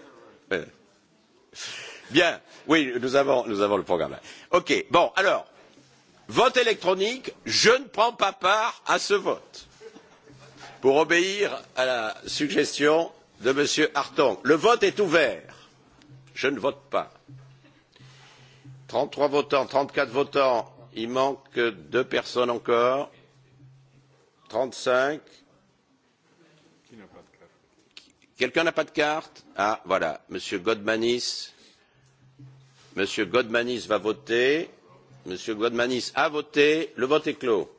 Bien, oui, nous avons, nous avons le programme Ok, bon, alors, vote électronique, je ne prends pas part à ce vote. Pour obéir à la suggestion de M. Hartong, le vote est ouvert. Je ne vote pas. 33 votants, 34 votants, Il manque deux personnes encore. cinq Quelqu'un n'a pas de carte Ah, voilà. Monsieur Godmanis. Monsieur Godmanis va voter. Monsieur Godmanis a voté. Le vote est clos.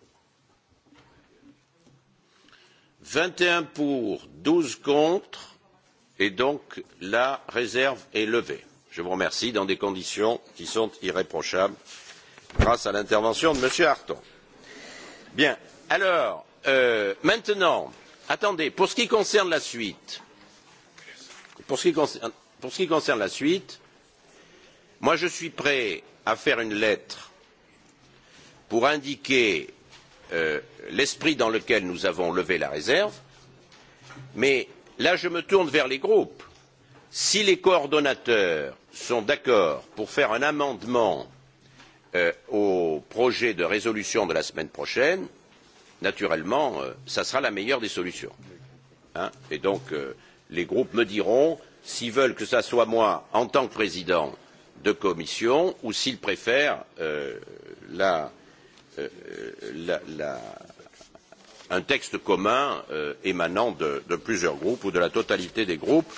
vingt et un pour, douze contre. Et donc, la réserve est levée. Je vous remercie dans des conditions qui sont irréprochables grâce à l'intervention de M. Harton. Bien. Alors, euh, maintenant, attendez, pour ce qui concerne la suite, pour ce qui concerne, pour ce qui concerne la suite, moi je suis prêt à faire une lettre pour indiquer euh, l'esprit dans lequel nous avons levé la réserve, mais là je me tourne vers les groupes. Si les coordonnateurs sont d'accord pour faire un amendement euh, au projet de résolution de la semaine prochaine, naturellement, euh, ça sera la meilleure des solutions. Hein Et donc, euh, les groupes me diront s'ils veulent que ça soit moi, en tant que président de commission, ou s'ils préfèrent euh, la, euh, la, la, un texte commun euh, émanant de, de plusieurs groupes ou de la totalité des groupes,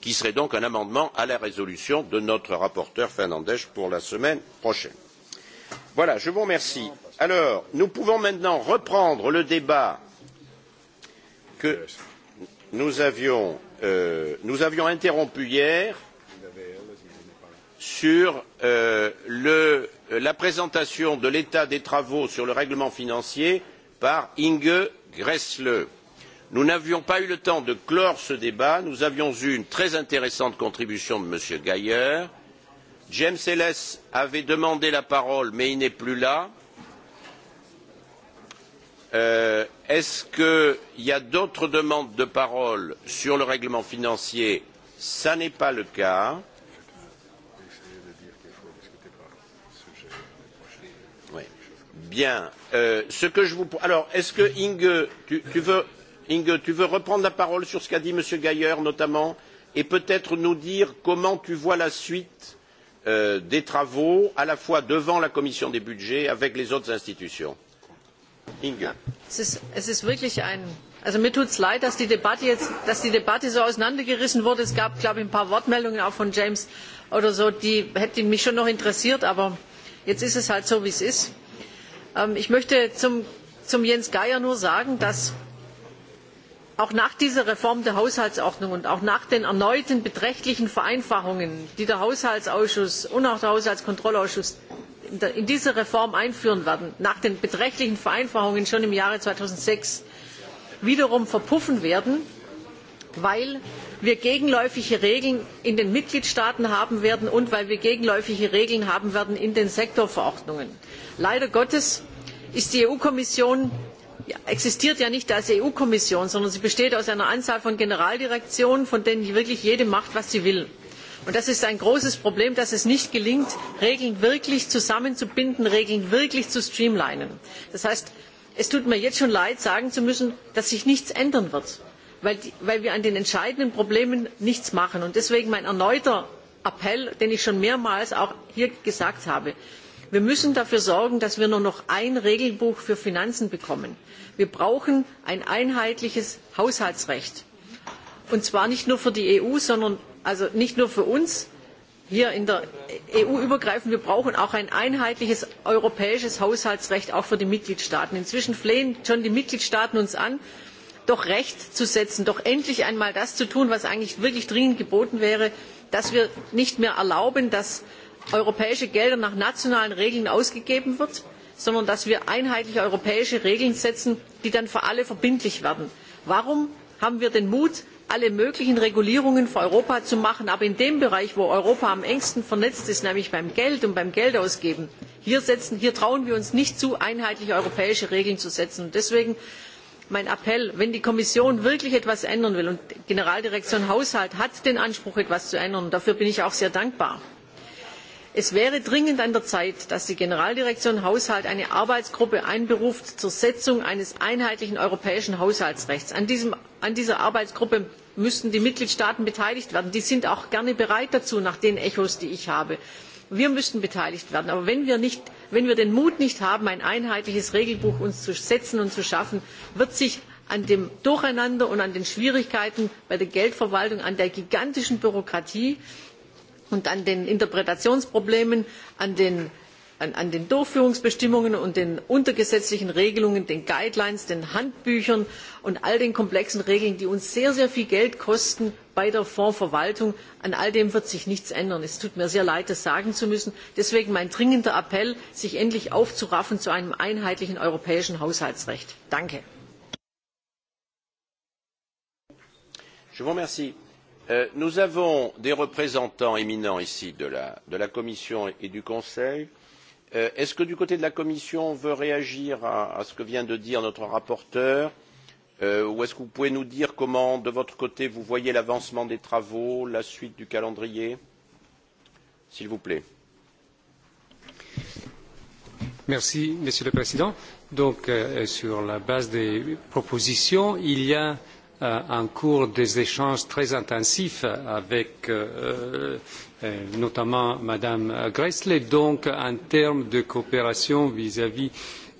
qui serait donc un amendement à la résolution de notre rapporteur finlandais pour la semaine prochaine. Voilà, je remercie. Alors, nous pouvons maintenant reprendre le débat que nous avions, euh, interrompu hier sur euh, la présentation de l'état des travaux sur le règlement financier par Inge Gressle. Nous n'avions pas eu le temps de clore ce débat. Nous avions eu une très intéressante contribution de M. geier James Ellis avait demandé la parole, mais il n'est plus là. Euh, est-ce qu'il y a d'autres demandes de parole sur le règlement financier ce n'est pas le cas. Bien. Euh, ce que je vous... Alors, est-ce que Inge tu, tu veux, Inge, tu veux reprendre la parole sur ce qu'a dit M. Gaillard, notamment, et peut-être nous dire comment tu vois la suite Euh, des travaux à la fois devant la commission des budgets avec les autres institutions. mir tut es leid, dass die, Debatte jetzt, dass die Debatte so auseinandergerissen wurde. Es gab, glaube ich, ein paar Wortmeldungen auch von James oder so, die hätten mich schon noch interessiert, aber jetzt ist es halt so, wie es ist. Ähm, ich möchte zum, zum Jens Geier nur sagen, dass auch nach dieser reform der haushaltsordnung und auch nach den erneuten beträchtlichen vereinfachungen die der haushaltsausschuss und auch der haushaltskontrollausschuss in dieser reform einführen werden nach den beträchtlichen vereinfachungen schon im jahre zweitausendsechs wiederum verpuffen werden weil wir gegenläufige regeln in den mitgliedstaaten haben werden und weil wir gegenläufige regeln haben werden in den sektorverordnungen. leider gottes ist die eu kommission existiert ja nicht als EU Kommission, sondern sie besteht aus einer Anzahl von Generaldirektionen, von denen wirklich jede macht, was sie will. Und das ist ein großes Problem, dass es nicht gelingt, Regeln wirklich zusammenzubinden, Regeln wirklich zu streamlinen. Das heißt, es tut mir jetzt schon leid, sagen zu müssen, dass sich nichts ändern wird, weil, weil wir an den entscheidenden Problemen nichts machen. Und deswegen mein erneuter Appell, den ich schon mehrmals auch hier gesagt habe wir müssen dafür sorgen dass wir nur noch ein regelbuch für finanzen bekommen. wir brauchen ein einheitliches haushaltsrecht und zwar nicht nur für die eu sondern also nicht nur für uns hier in der eu übergreifend wir brauchen auch ein einheitliches europäisches haushaltsrecht auch für die mitgliedstaaten. inzwischen flehen schon die mitgliedstaaten uns an doch recht zu setzen doch endlich einmal das zu tun was eigentlich wirklich dringend geboten wäre dass wir nicht mehr erlauben dass europäische Gelder nach nationalen Regeln ausgegeben wird, sondern dass wir einheitliche europäische Regeln setzen, die dann für alle verbindlich werden. Warum haben wir den Mut, alle möglichen Regulierungen für Europa zu machen, aber in dem Bereich, wo Europa am engsten vernetzt ist, nämlich beim Geld und beim Geldausgeben, hier, trauen wir uns nicht zu, einheitliche europäische Regeln zu setzen. deswegen mein appell wenn die kommission wirklich etwas ändern will und die generaldirektion haushalt hat den anspruch etwas zu ändern dafür bin ich auch sehr dankbar es wäre dringend an der zeit dass die generaldirektion haushalt eine arbeitsgruppe einberuft zur setzung eines einheitlichen europäischen haushaltsrechts. an, dieser arbeitsgruppe müssten die mitgliedstaaten beteiligt werden. die sind auch gerne bereit dazu nach den echos die ich habe. wir müssten beteiligt werden. aber wenn wir, wenn wir den mut nicht haben uns ein einheitliches regelbuch zu setzen und zu schaffen wird sich an dem durcheinander und an den schwierigkeiten bei der geldverwaltung an der gigantischen bürokratie und an den interpretationsproblemen an den an den durchführungsbestimmungen und den untergesetzlichen regelungen den guidelines den handbüchern und all den komplexen regeln die uns sehr sehr viel geld kosten bei der fondsverwaltung an all dem wird sich nichts ändern. es tut mir sehr leid das sagen zu müssen. deswegen mein dringender appell sich endlich aufzuraffen zu einem einheitlichen europäischen haushaltsrecht! danke! Euh, nous avons des représentants éminents ici de la, Commission et du Conseil. Euh, est-ce que du côté de la Commission, on veut réagir à, ce que vient de dire notre rapporteur euh, ou est-ce que vous pouvez nous dire comment, de votre côté, vous voyez l'avancement des travaux, la suite du calendrier S'il vous plaît. Monsieur le Président. sur la base des propositions, il y a Euh, en cours des échanges très intensifs avec euh, euh, notamment Mme Gressler. Donc, en termes de coopération vis-à-vis vis à vis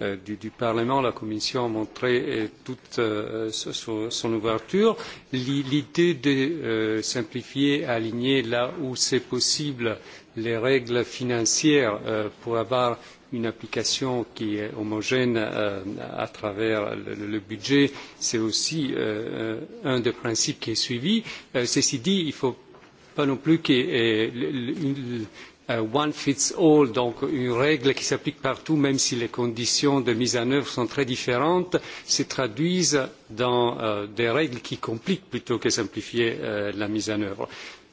Euh, du, du Parlement, la Commission a montré euh, toute euh, son, son ouverture. L'idée de simplifier et aligner là où c'est possible les règles financières pour avoir une application qui est homogène à travers le budget, c'est aussi un des principes qui est suivi. Ceci dit, il ne faut pas non plus que Euh, one fits all, donc une règle qui s'applique partout, même si les conditions de mise en œuvre sont très différentes, se traduisent dans euh, des règles qui compliquent plutôt que simplifier euh, la mise en œuvre.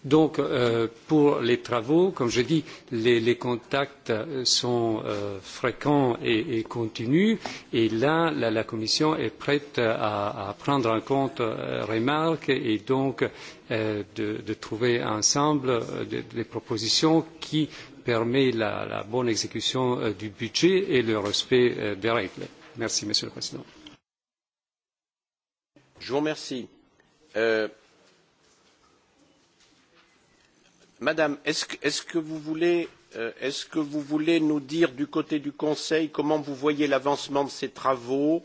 Donc, euh, pour les travaux, comme je dis, les, les contacts euh, sont euh, fréquents et, et continus. Et là, la, la Commission est prête à, à prendre en compte euh, remarques et donc euh, de, de trouver ensemble euh, des, des propositions qui permettent la, la bonne exécution euh, du budget et le respect euh, des règles. Merci, Monsieur le Président. Je vous remercie. Euh Madame, est-ce que, est que, vous voulez, euh, est-ce que vous voulez nous dire du côté du Conseil comment vous voyez l'avancement de ces travaux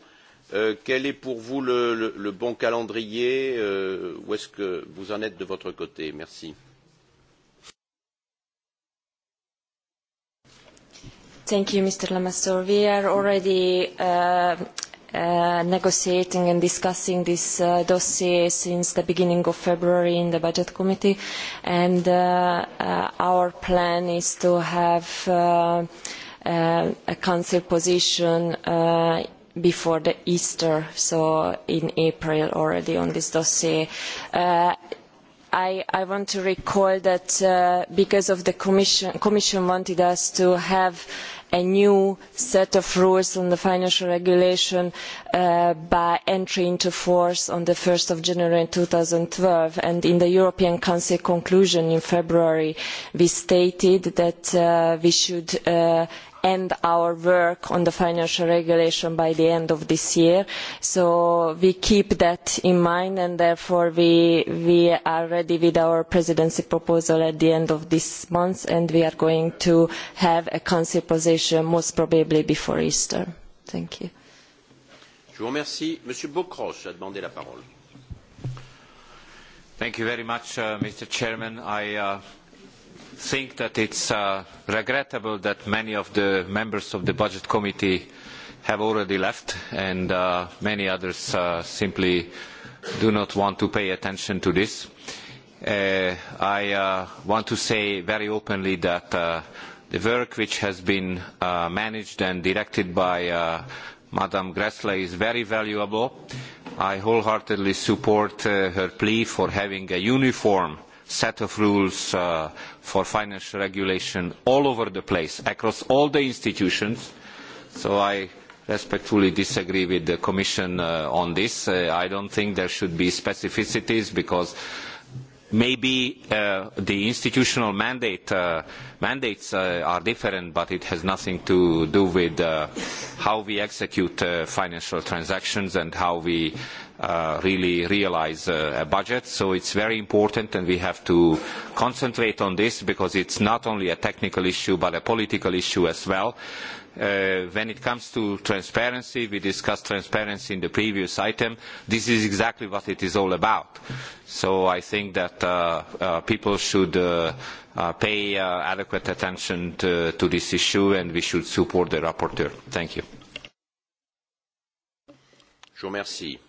euh, Quel est pour vous le, le, le bon calendrier euh, Où est-ce que vous en êtes de votre côté Merci. Thank you, Mr. Lamassoure. We are already uh, Uh, negotiating and discussing this uh, dossier since the beginning of February in the Budget Committee. And uh, uh, our plan is to have uh, uh, a Council position uh, before the Easter, so in April already on this dossier. Uh, I, I want to recall that uh, because of the commission, commission wanted us to have uh, a new set of rules on the financial regulation uh, by entry into force on one 1 two thousand January 2012 and in the European Council conclusion in February we stated that uh, we should uh, end our work on the financial regulation by the end of this year. So we keep that in mind and therefore we, we are ready with our presidency proposal at the end of this month and we are going to have a council position most probably before Easter. Thank you. Je vous remercie. Monsieur Bocroche a demandé la parole. Thank you very much, uh, Mr. Chairman. I uh, think that it's uh, regrettable that many of the members of the Budget Committee have already left and uh, many others uh, simply do not want to pay attention to this. Uh, I uh, want to say very openly that uh, the work which has been uh, managed and directed by uh, Madame Gressler is very valuable. I wholeheartedly support uh, her plea for having a uniform set of rules uh, for financial regulation all over the place, across all the institutions. So I respectfully disagree with the Commission uh, on this. Uh, I don't think there should be specificities because maybe uh, the institutional mandate, uh, mandates uh, are different, but it has nothing to do with uh, how we execute uh, financial transactions and how we uh, really realise a budget. So it's very important, and we have to concentrate on this because it's not only a technical issue but a political issue as well Uh, when it comes to transparency, we discussed transparency in the previous item. This is exactly what it is all about. So I think that uh, uh, people should uh, uh, pay adequate attention to, to, this issue and we should support the rapporteur. Thank you. Je vous remercie.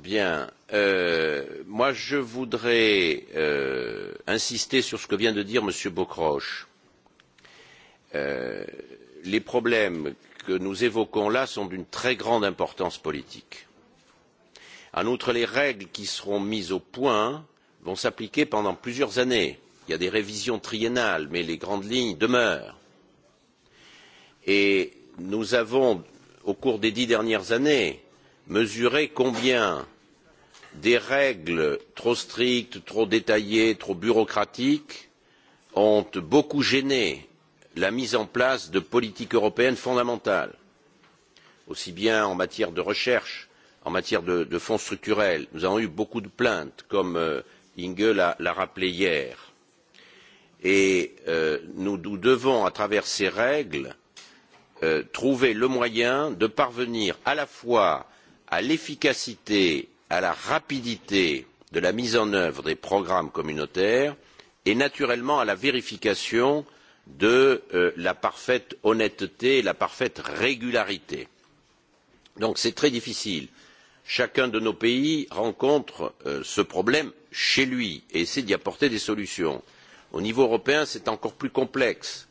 Bien. Euh, moi, je voudrais euh, insister sur ce que vient de dire M. Bocroche. Euh, les problèmes que nous évoquons là sont d'une très grande importance politique. En outre, les règles qui seront mises au point vont s'appliquer pendant plusieurs années. Il y a des révisions triennales, mais les grandes lignes demeurent. Et nous avons, au cours des dix dernières années, mesuré combien des règles trop strictes, trop détaillées, trop bureaucratiques ont beaucoup gêné la mise en place de politiques européennes fondamentales, aussi bien en matière de recherche, en matière de, de fonds structurels. Nous avons eu beaucoup de plaintes, comme euh, Inge l'a rappelé hier. Et euh, nous, nous devons, à travers ces règles, euh, trouver le moyen de parvenir à la fois à l'efficacité à la rapidité de la mise en œuvre des programmes communautaires et naturellement à la vérification de euh, la parfaite honnêteté et la parfaite régularité. Donc c'est très difficile. Chacun de nos pays rencontre euh, ce problème chez lui et essaie d'y apporter des solutions. Au niveau européen, c'est encore plus complexe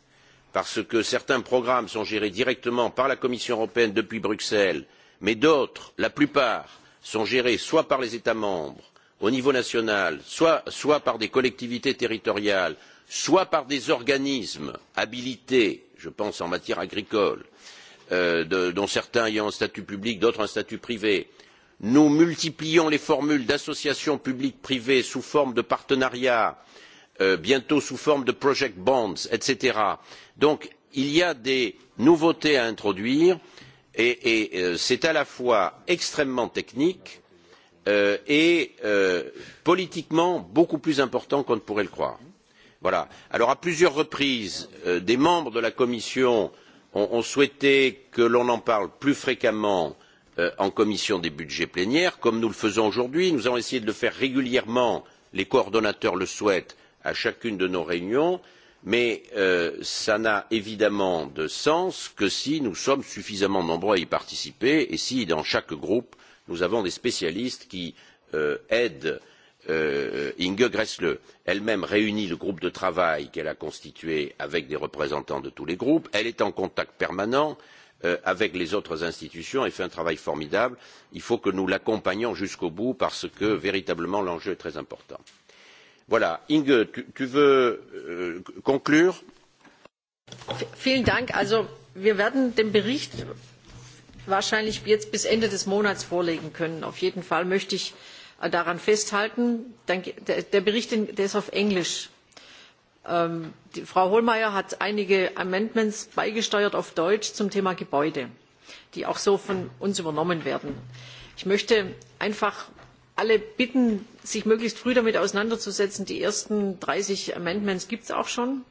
parce que certains programmes sont gérés directement par la Commission européenne depuis Bruxelles, mais d'autres, la plupart, sont gérées soit par les États membres au niveau national, soit, soit par des collectivités territoriales, soit par des organismes habilités, je pense en matière agricole, euh, de, dont certains ayant un statut public, d'autres un statut privé. Nous multiplions les formules d'associations publiques privées sous forme de partenariats, euh, bientôt sous forme de project bonds, etc. Donc il y a des nouveautés à introduire et, euh, c'est à la fois extrêmement technique euh, et euh, politiquement beaucoup plus important qu'on ne pourrait le croire. Voilà. Alors à plusieurs reprises, euh, des membres de la Commission ont, ont souhaité que l'on en parle plus fréquemment euh, en commission des budgets plénières, comme nous le faisons aujourd'hui. Nous allons essayer de le faire régulièrement, les coordonnateurs le souhaitent, à chacune de nos réunions mais cela euh, n'a évidemment de sens que si nous sommes suffisamment nombreux à y participer et si dans chaque groupe nous avons des spécialistes qui euh, aident euh, Inge Gressle elle-même réunit le groupe de travail qu'elle a constitué avec des représentants de tous les groupes. Elle est en contact permanent euh, avec les autres institutions et fait un travail formidable. Il faut que nous l'accompagnions jusqu'au bout parce que véritablement l'enjeu est très important. Voilà. Inge, tu, tu veux euh, conclure Vielen Dank. Also wir werden den Bericht wahrscheinlich jetzt bis Ende des Monats vorlegen können. Auf jeden Fall möchte ich äh, daran festhalten. Der Bericht der ist auf Englisch. Ähm, die, Frau Hohlmeier hat einige Amendments beigesteuert auf Deutsch zum Thema Gebäude, die auch so von uns übernommen werden. Ich möchte einfach alle bitten, sich möglichst früh damit auseinanderzusetzen. Die ersten dreißig Amendments gibt es auch schon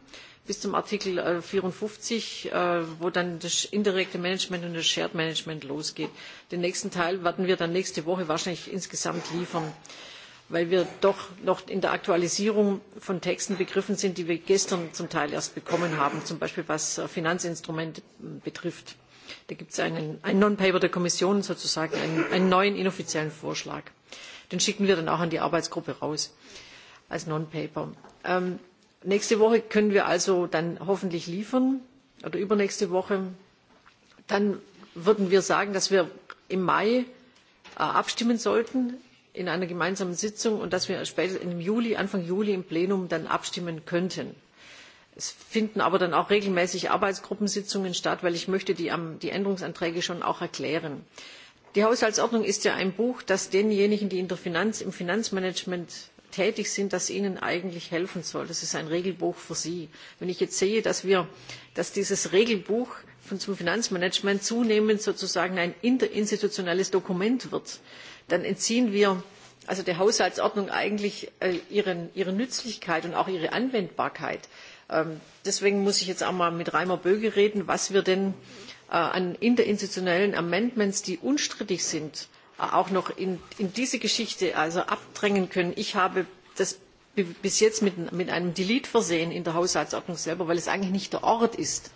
bis zum Artikel äh, vierundfünfzig äh, wo dann das indirekte Management und das Shared Management losgeht. Den nächsten Teil werden wir dann nächste Woche wahrscheinlich insgesamt liefern, weil wir doch noch in der Aktualisierung von Texten begriffen sind, die wir gestern zum Teil erst bekommen haben, zum Beispiel was äh, Finanzinstrumente hm, betrifft. Da gibt es ein Non-Paper der Kommission sozusagen, einen neuen inoffiziellen Vorschlag. Den schicken wir dann auch an die Arbeitsgruppe raus als Non-Paper. Ähm, nächste Woche können wir also dann hoffentlich liefern oder übernächste Woche. Dann würden wir sagen, dass wir im Mai äh, abstimmen sollten in einer gemeinsamen Sitzung und dass wir spätestens im Juli, Anfang Juli im Plenum dann abstimmen könnten. Es finden aber dann auch regelmäßig Arbeitsgruppensitzungen statt, weil ich möchte die, Änderungsanträge schon auch erklären. möchte die haushaltsordnung ist ja ein buch das denjenigen die im finanzmanagement tätig sind eigentlich helfen soll. das ist ein regelbuch für sie. wenn ich jetzt sehe dass, wir, dass dieses regelbuch von, zum finanzmanagement zunehmend sozusagen ein interinstitutionelles dokument wird dann entziehen wir also der haushaltsordnung eigentlich äh, ihre nützlichkeit und auch ihre anwendbarkeit. Ähm, deswegen muss ich jetzt auch mal mit reimer böge reden was wir denn Äh, an interinstitutionellen amendments die unstrittig sind äh, auch noch in, diese geschichte abdrängen können. ich habe das bis jetzt mit, einem delete versehen in der haushaltsordnung selber weil es eigentlich nicht der ort ist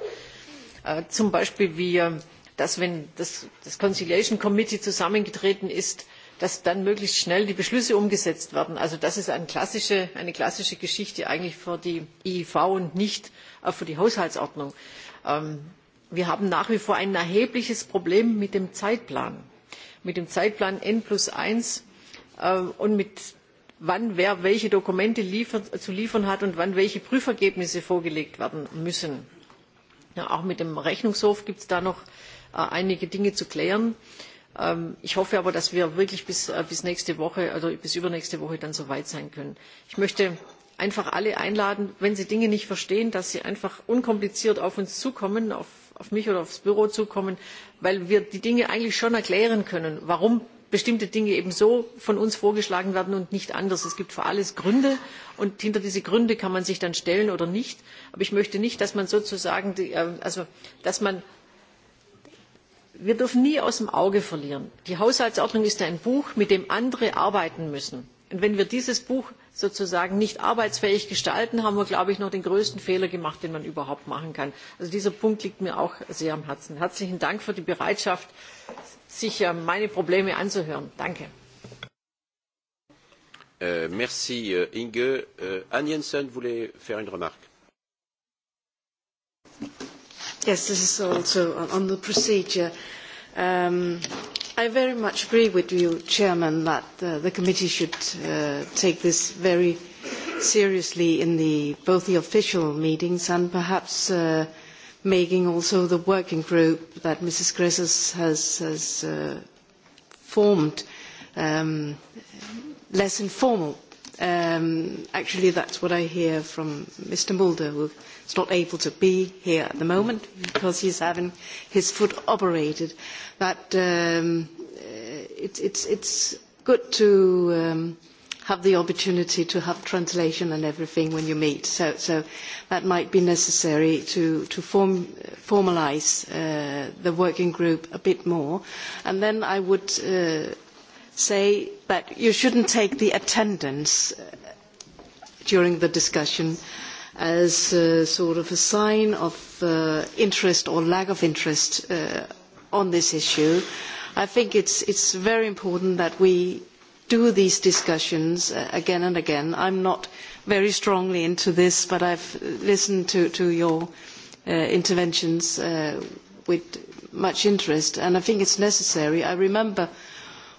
äh, zum beispiel dass wenn das, conciliation committee zusammengetreten ist dass dann möglichst schnell die beschlüsse umgesetzt werden. also das ist eine klassische, eine klassische geschichte eigentlich für die iiv und nicht für die haushaltsordnung. Ähm, wir haben nach wie vor ein erhebliches problem mit dem zeitplan mit dem zeitplan n eins äh, und mit wann wer welche dokumente zu liefern hat und wann welche prüfergebnisse vorgelegt werden müssen. auch mit dem rechnungshof gibt es da noch äh, einige dinge zu klären. Ähm, ich hoffe aber dass wir wirklich bis, äh, nächste woche oder bis übernächste woche dann so weit sein können. ich möchte einfach alle einladen wenn sie dinge nicht verstehen dass sie einfach unkompliziert auf uns zukommen auf mich oder aufs büro zukommen weil wir die dinge eigentlich schon erklären können warum bestimmte dinge eben so von uns vorgeschlagen werden und nicht anders. es gibt für alles gründe und hinter diese gründe kann man sich dann stellen oder nicht. aber ich möchte nicht dass man sozusagen äh, also dass man wir dürfen nie aus dem auge verlieren die haushaltsordnung ist ein buch mit dem andere arbeiten müssen. Und wenn wir dieses Buch sozusagen nicht arbeitsfähig gestalten, haben wir, glaube ich, noch den größten Fehler gemacht, den man überhaupt machen kann. Also dieser Punkt liegt mir auch sehr am Herzen. Herzlichen Dank für die Bereitschaft, sich ähm, meine Probleme anzuhören. Danke. Äh, äh, äh, I very much agree with you, Chairman, that uh, the committee should uh, take this very seriously in the, both the official meetings and perhaps uh, making also the working group that Mrs. Gresses has, has uh, formed um, less informal. Um, actually, that's what I hear from Mr. Mulder, who is not able to be here at the moment because he's having his foot operated. But um, uh, it, it's, it's good to um, have the opportunity to have translation and everything when you meet. So, so that might be necessary to, to form, formalise uh, the working group a bit more. And then I would uh, say that you shouldn't take the attendance uh, during the discussion as a sort of a sign of uh, interest or lack of interest uh, on this issue. I think it's, it's very important that we do these discussions uh, again and again. I'm not very strongly into this, but I've listened to, to your uh, interventions uh, with much interest, and I think it's necessary. I remember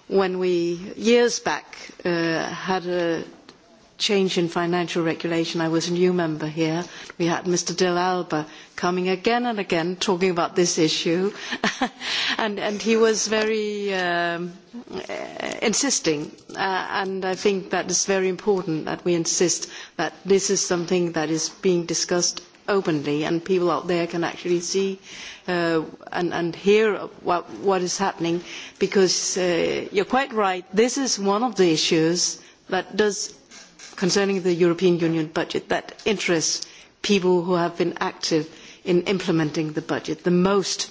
when we, years back, had a change in financial regulation, I was a new member here, we had Mr. Dil Alba coming again and again talking about this issue. and, and, he was very um, uh, insisting. Uh, and I think that is very important that we insist that this is something that is being discussed openly and people out there can actually see uh, and, and, hear what, what, is happening because uh, you're quite right, this is one of the issues that does concerning the European Union budget that interests people who have been active in implementing the budget the most.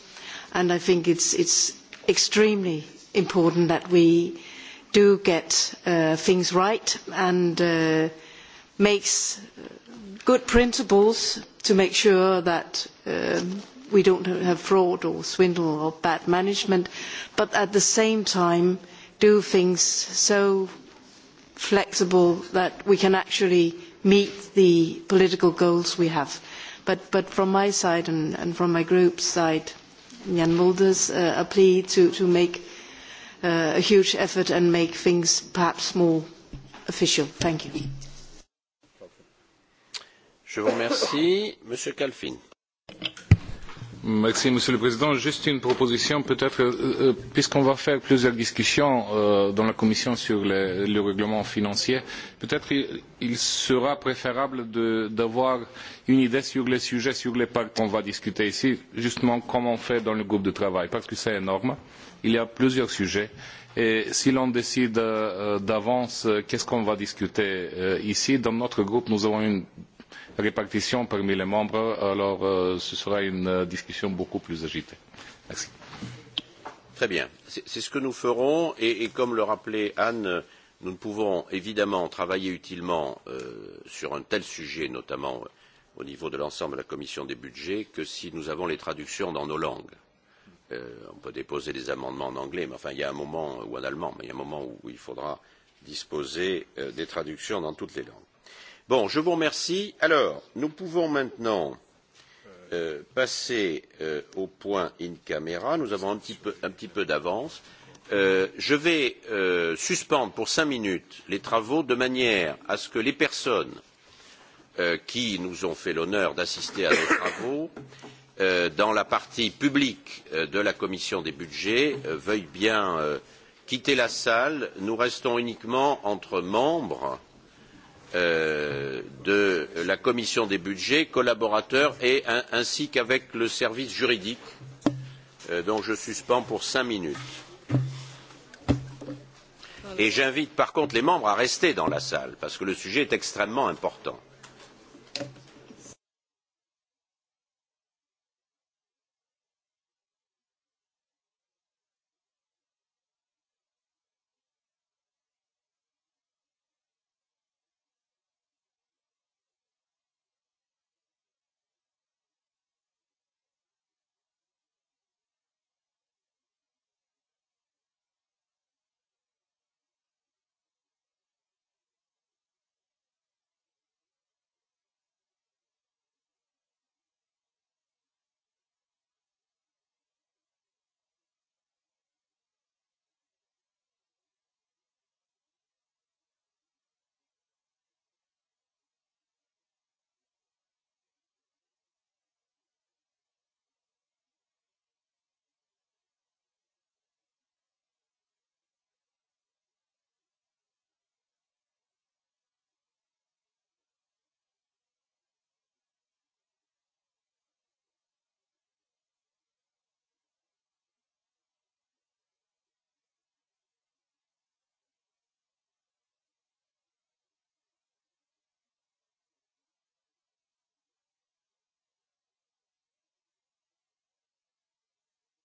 And I think it's, it's extremely important that we do get uh, things right and uh, makes good principles to make sure that um, we don't have fraud or swindle or bad management, but at the same time do things so flexible that we can actually meet the political goals we have. But, but from my side and, and from my group's side, Jan Mulder's uh, a plea to, to make uh, a huge effort and make things perhaps more official. Thank you. Je vous remercie. Monsieur Calfin. Merci, Monsieur le Président. Juste une proposition, peut-être, euh, euh, puisqu'on va faire plusieurs discussions euh, dans la Commission sur les, le règlement financier, peut-être il, sera préférable d'avoir une idée sur les sujets, sur les parts qu'on va discuter ici, justement comme on fait dans le groupe de travail, parce que c'est énorme. Il y a plusieurs sujets. Et si l'on décide d'avance, qu'est-ce qu'on va discuter ici Dans notre groupe, nous avons une répartition parmi les membres, alors euh, ce sera une euh, discussion beaucoup plus agitée. Merci. Très bien. C'est ce que nous ferons et, et comme le rappelait Anne, nous ne pouvons évidemment travailler utilement euh, sur un tel sujet, notamment euh, au niveau de l'ensemble de la commission des budgets, que si nous avons les traductions dans nos langues. Euh, on peut déposer des amendements en anglais, mais enfin il y a un moment, euh, ou en allemand, mais il y a un moment où il faudra disposer euh, des traductions dans toutes les langues je vous remercie. nous pouvons maintenant euh, passer euh, au point in camera. Nous avons un petit peu, d'avance. Euh, je vais suspendre pour cinq minutes les travaux de manière à ce que les personnes qui nous ont fait l'honneur d'assister à nos travaux dans la partie publique de la commission des budgets veuillent bien quitter la salle. Nous restons uniquement entre membres Euh, de la commission des budgets, collaborateur, et un, ainsi qu'avec le service juridique, euh, dont je suspends pour cinq minutes. Et j'invite par contre les membres à rester dans la salle, parce que le sujet est extrêmement important.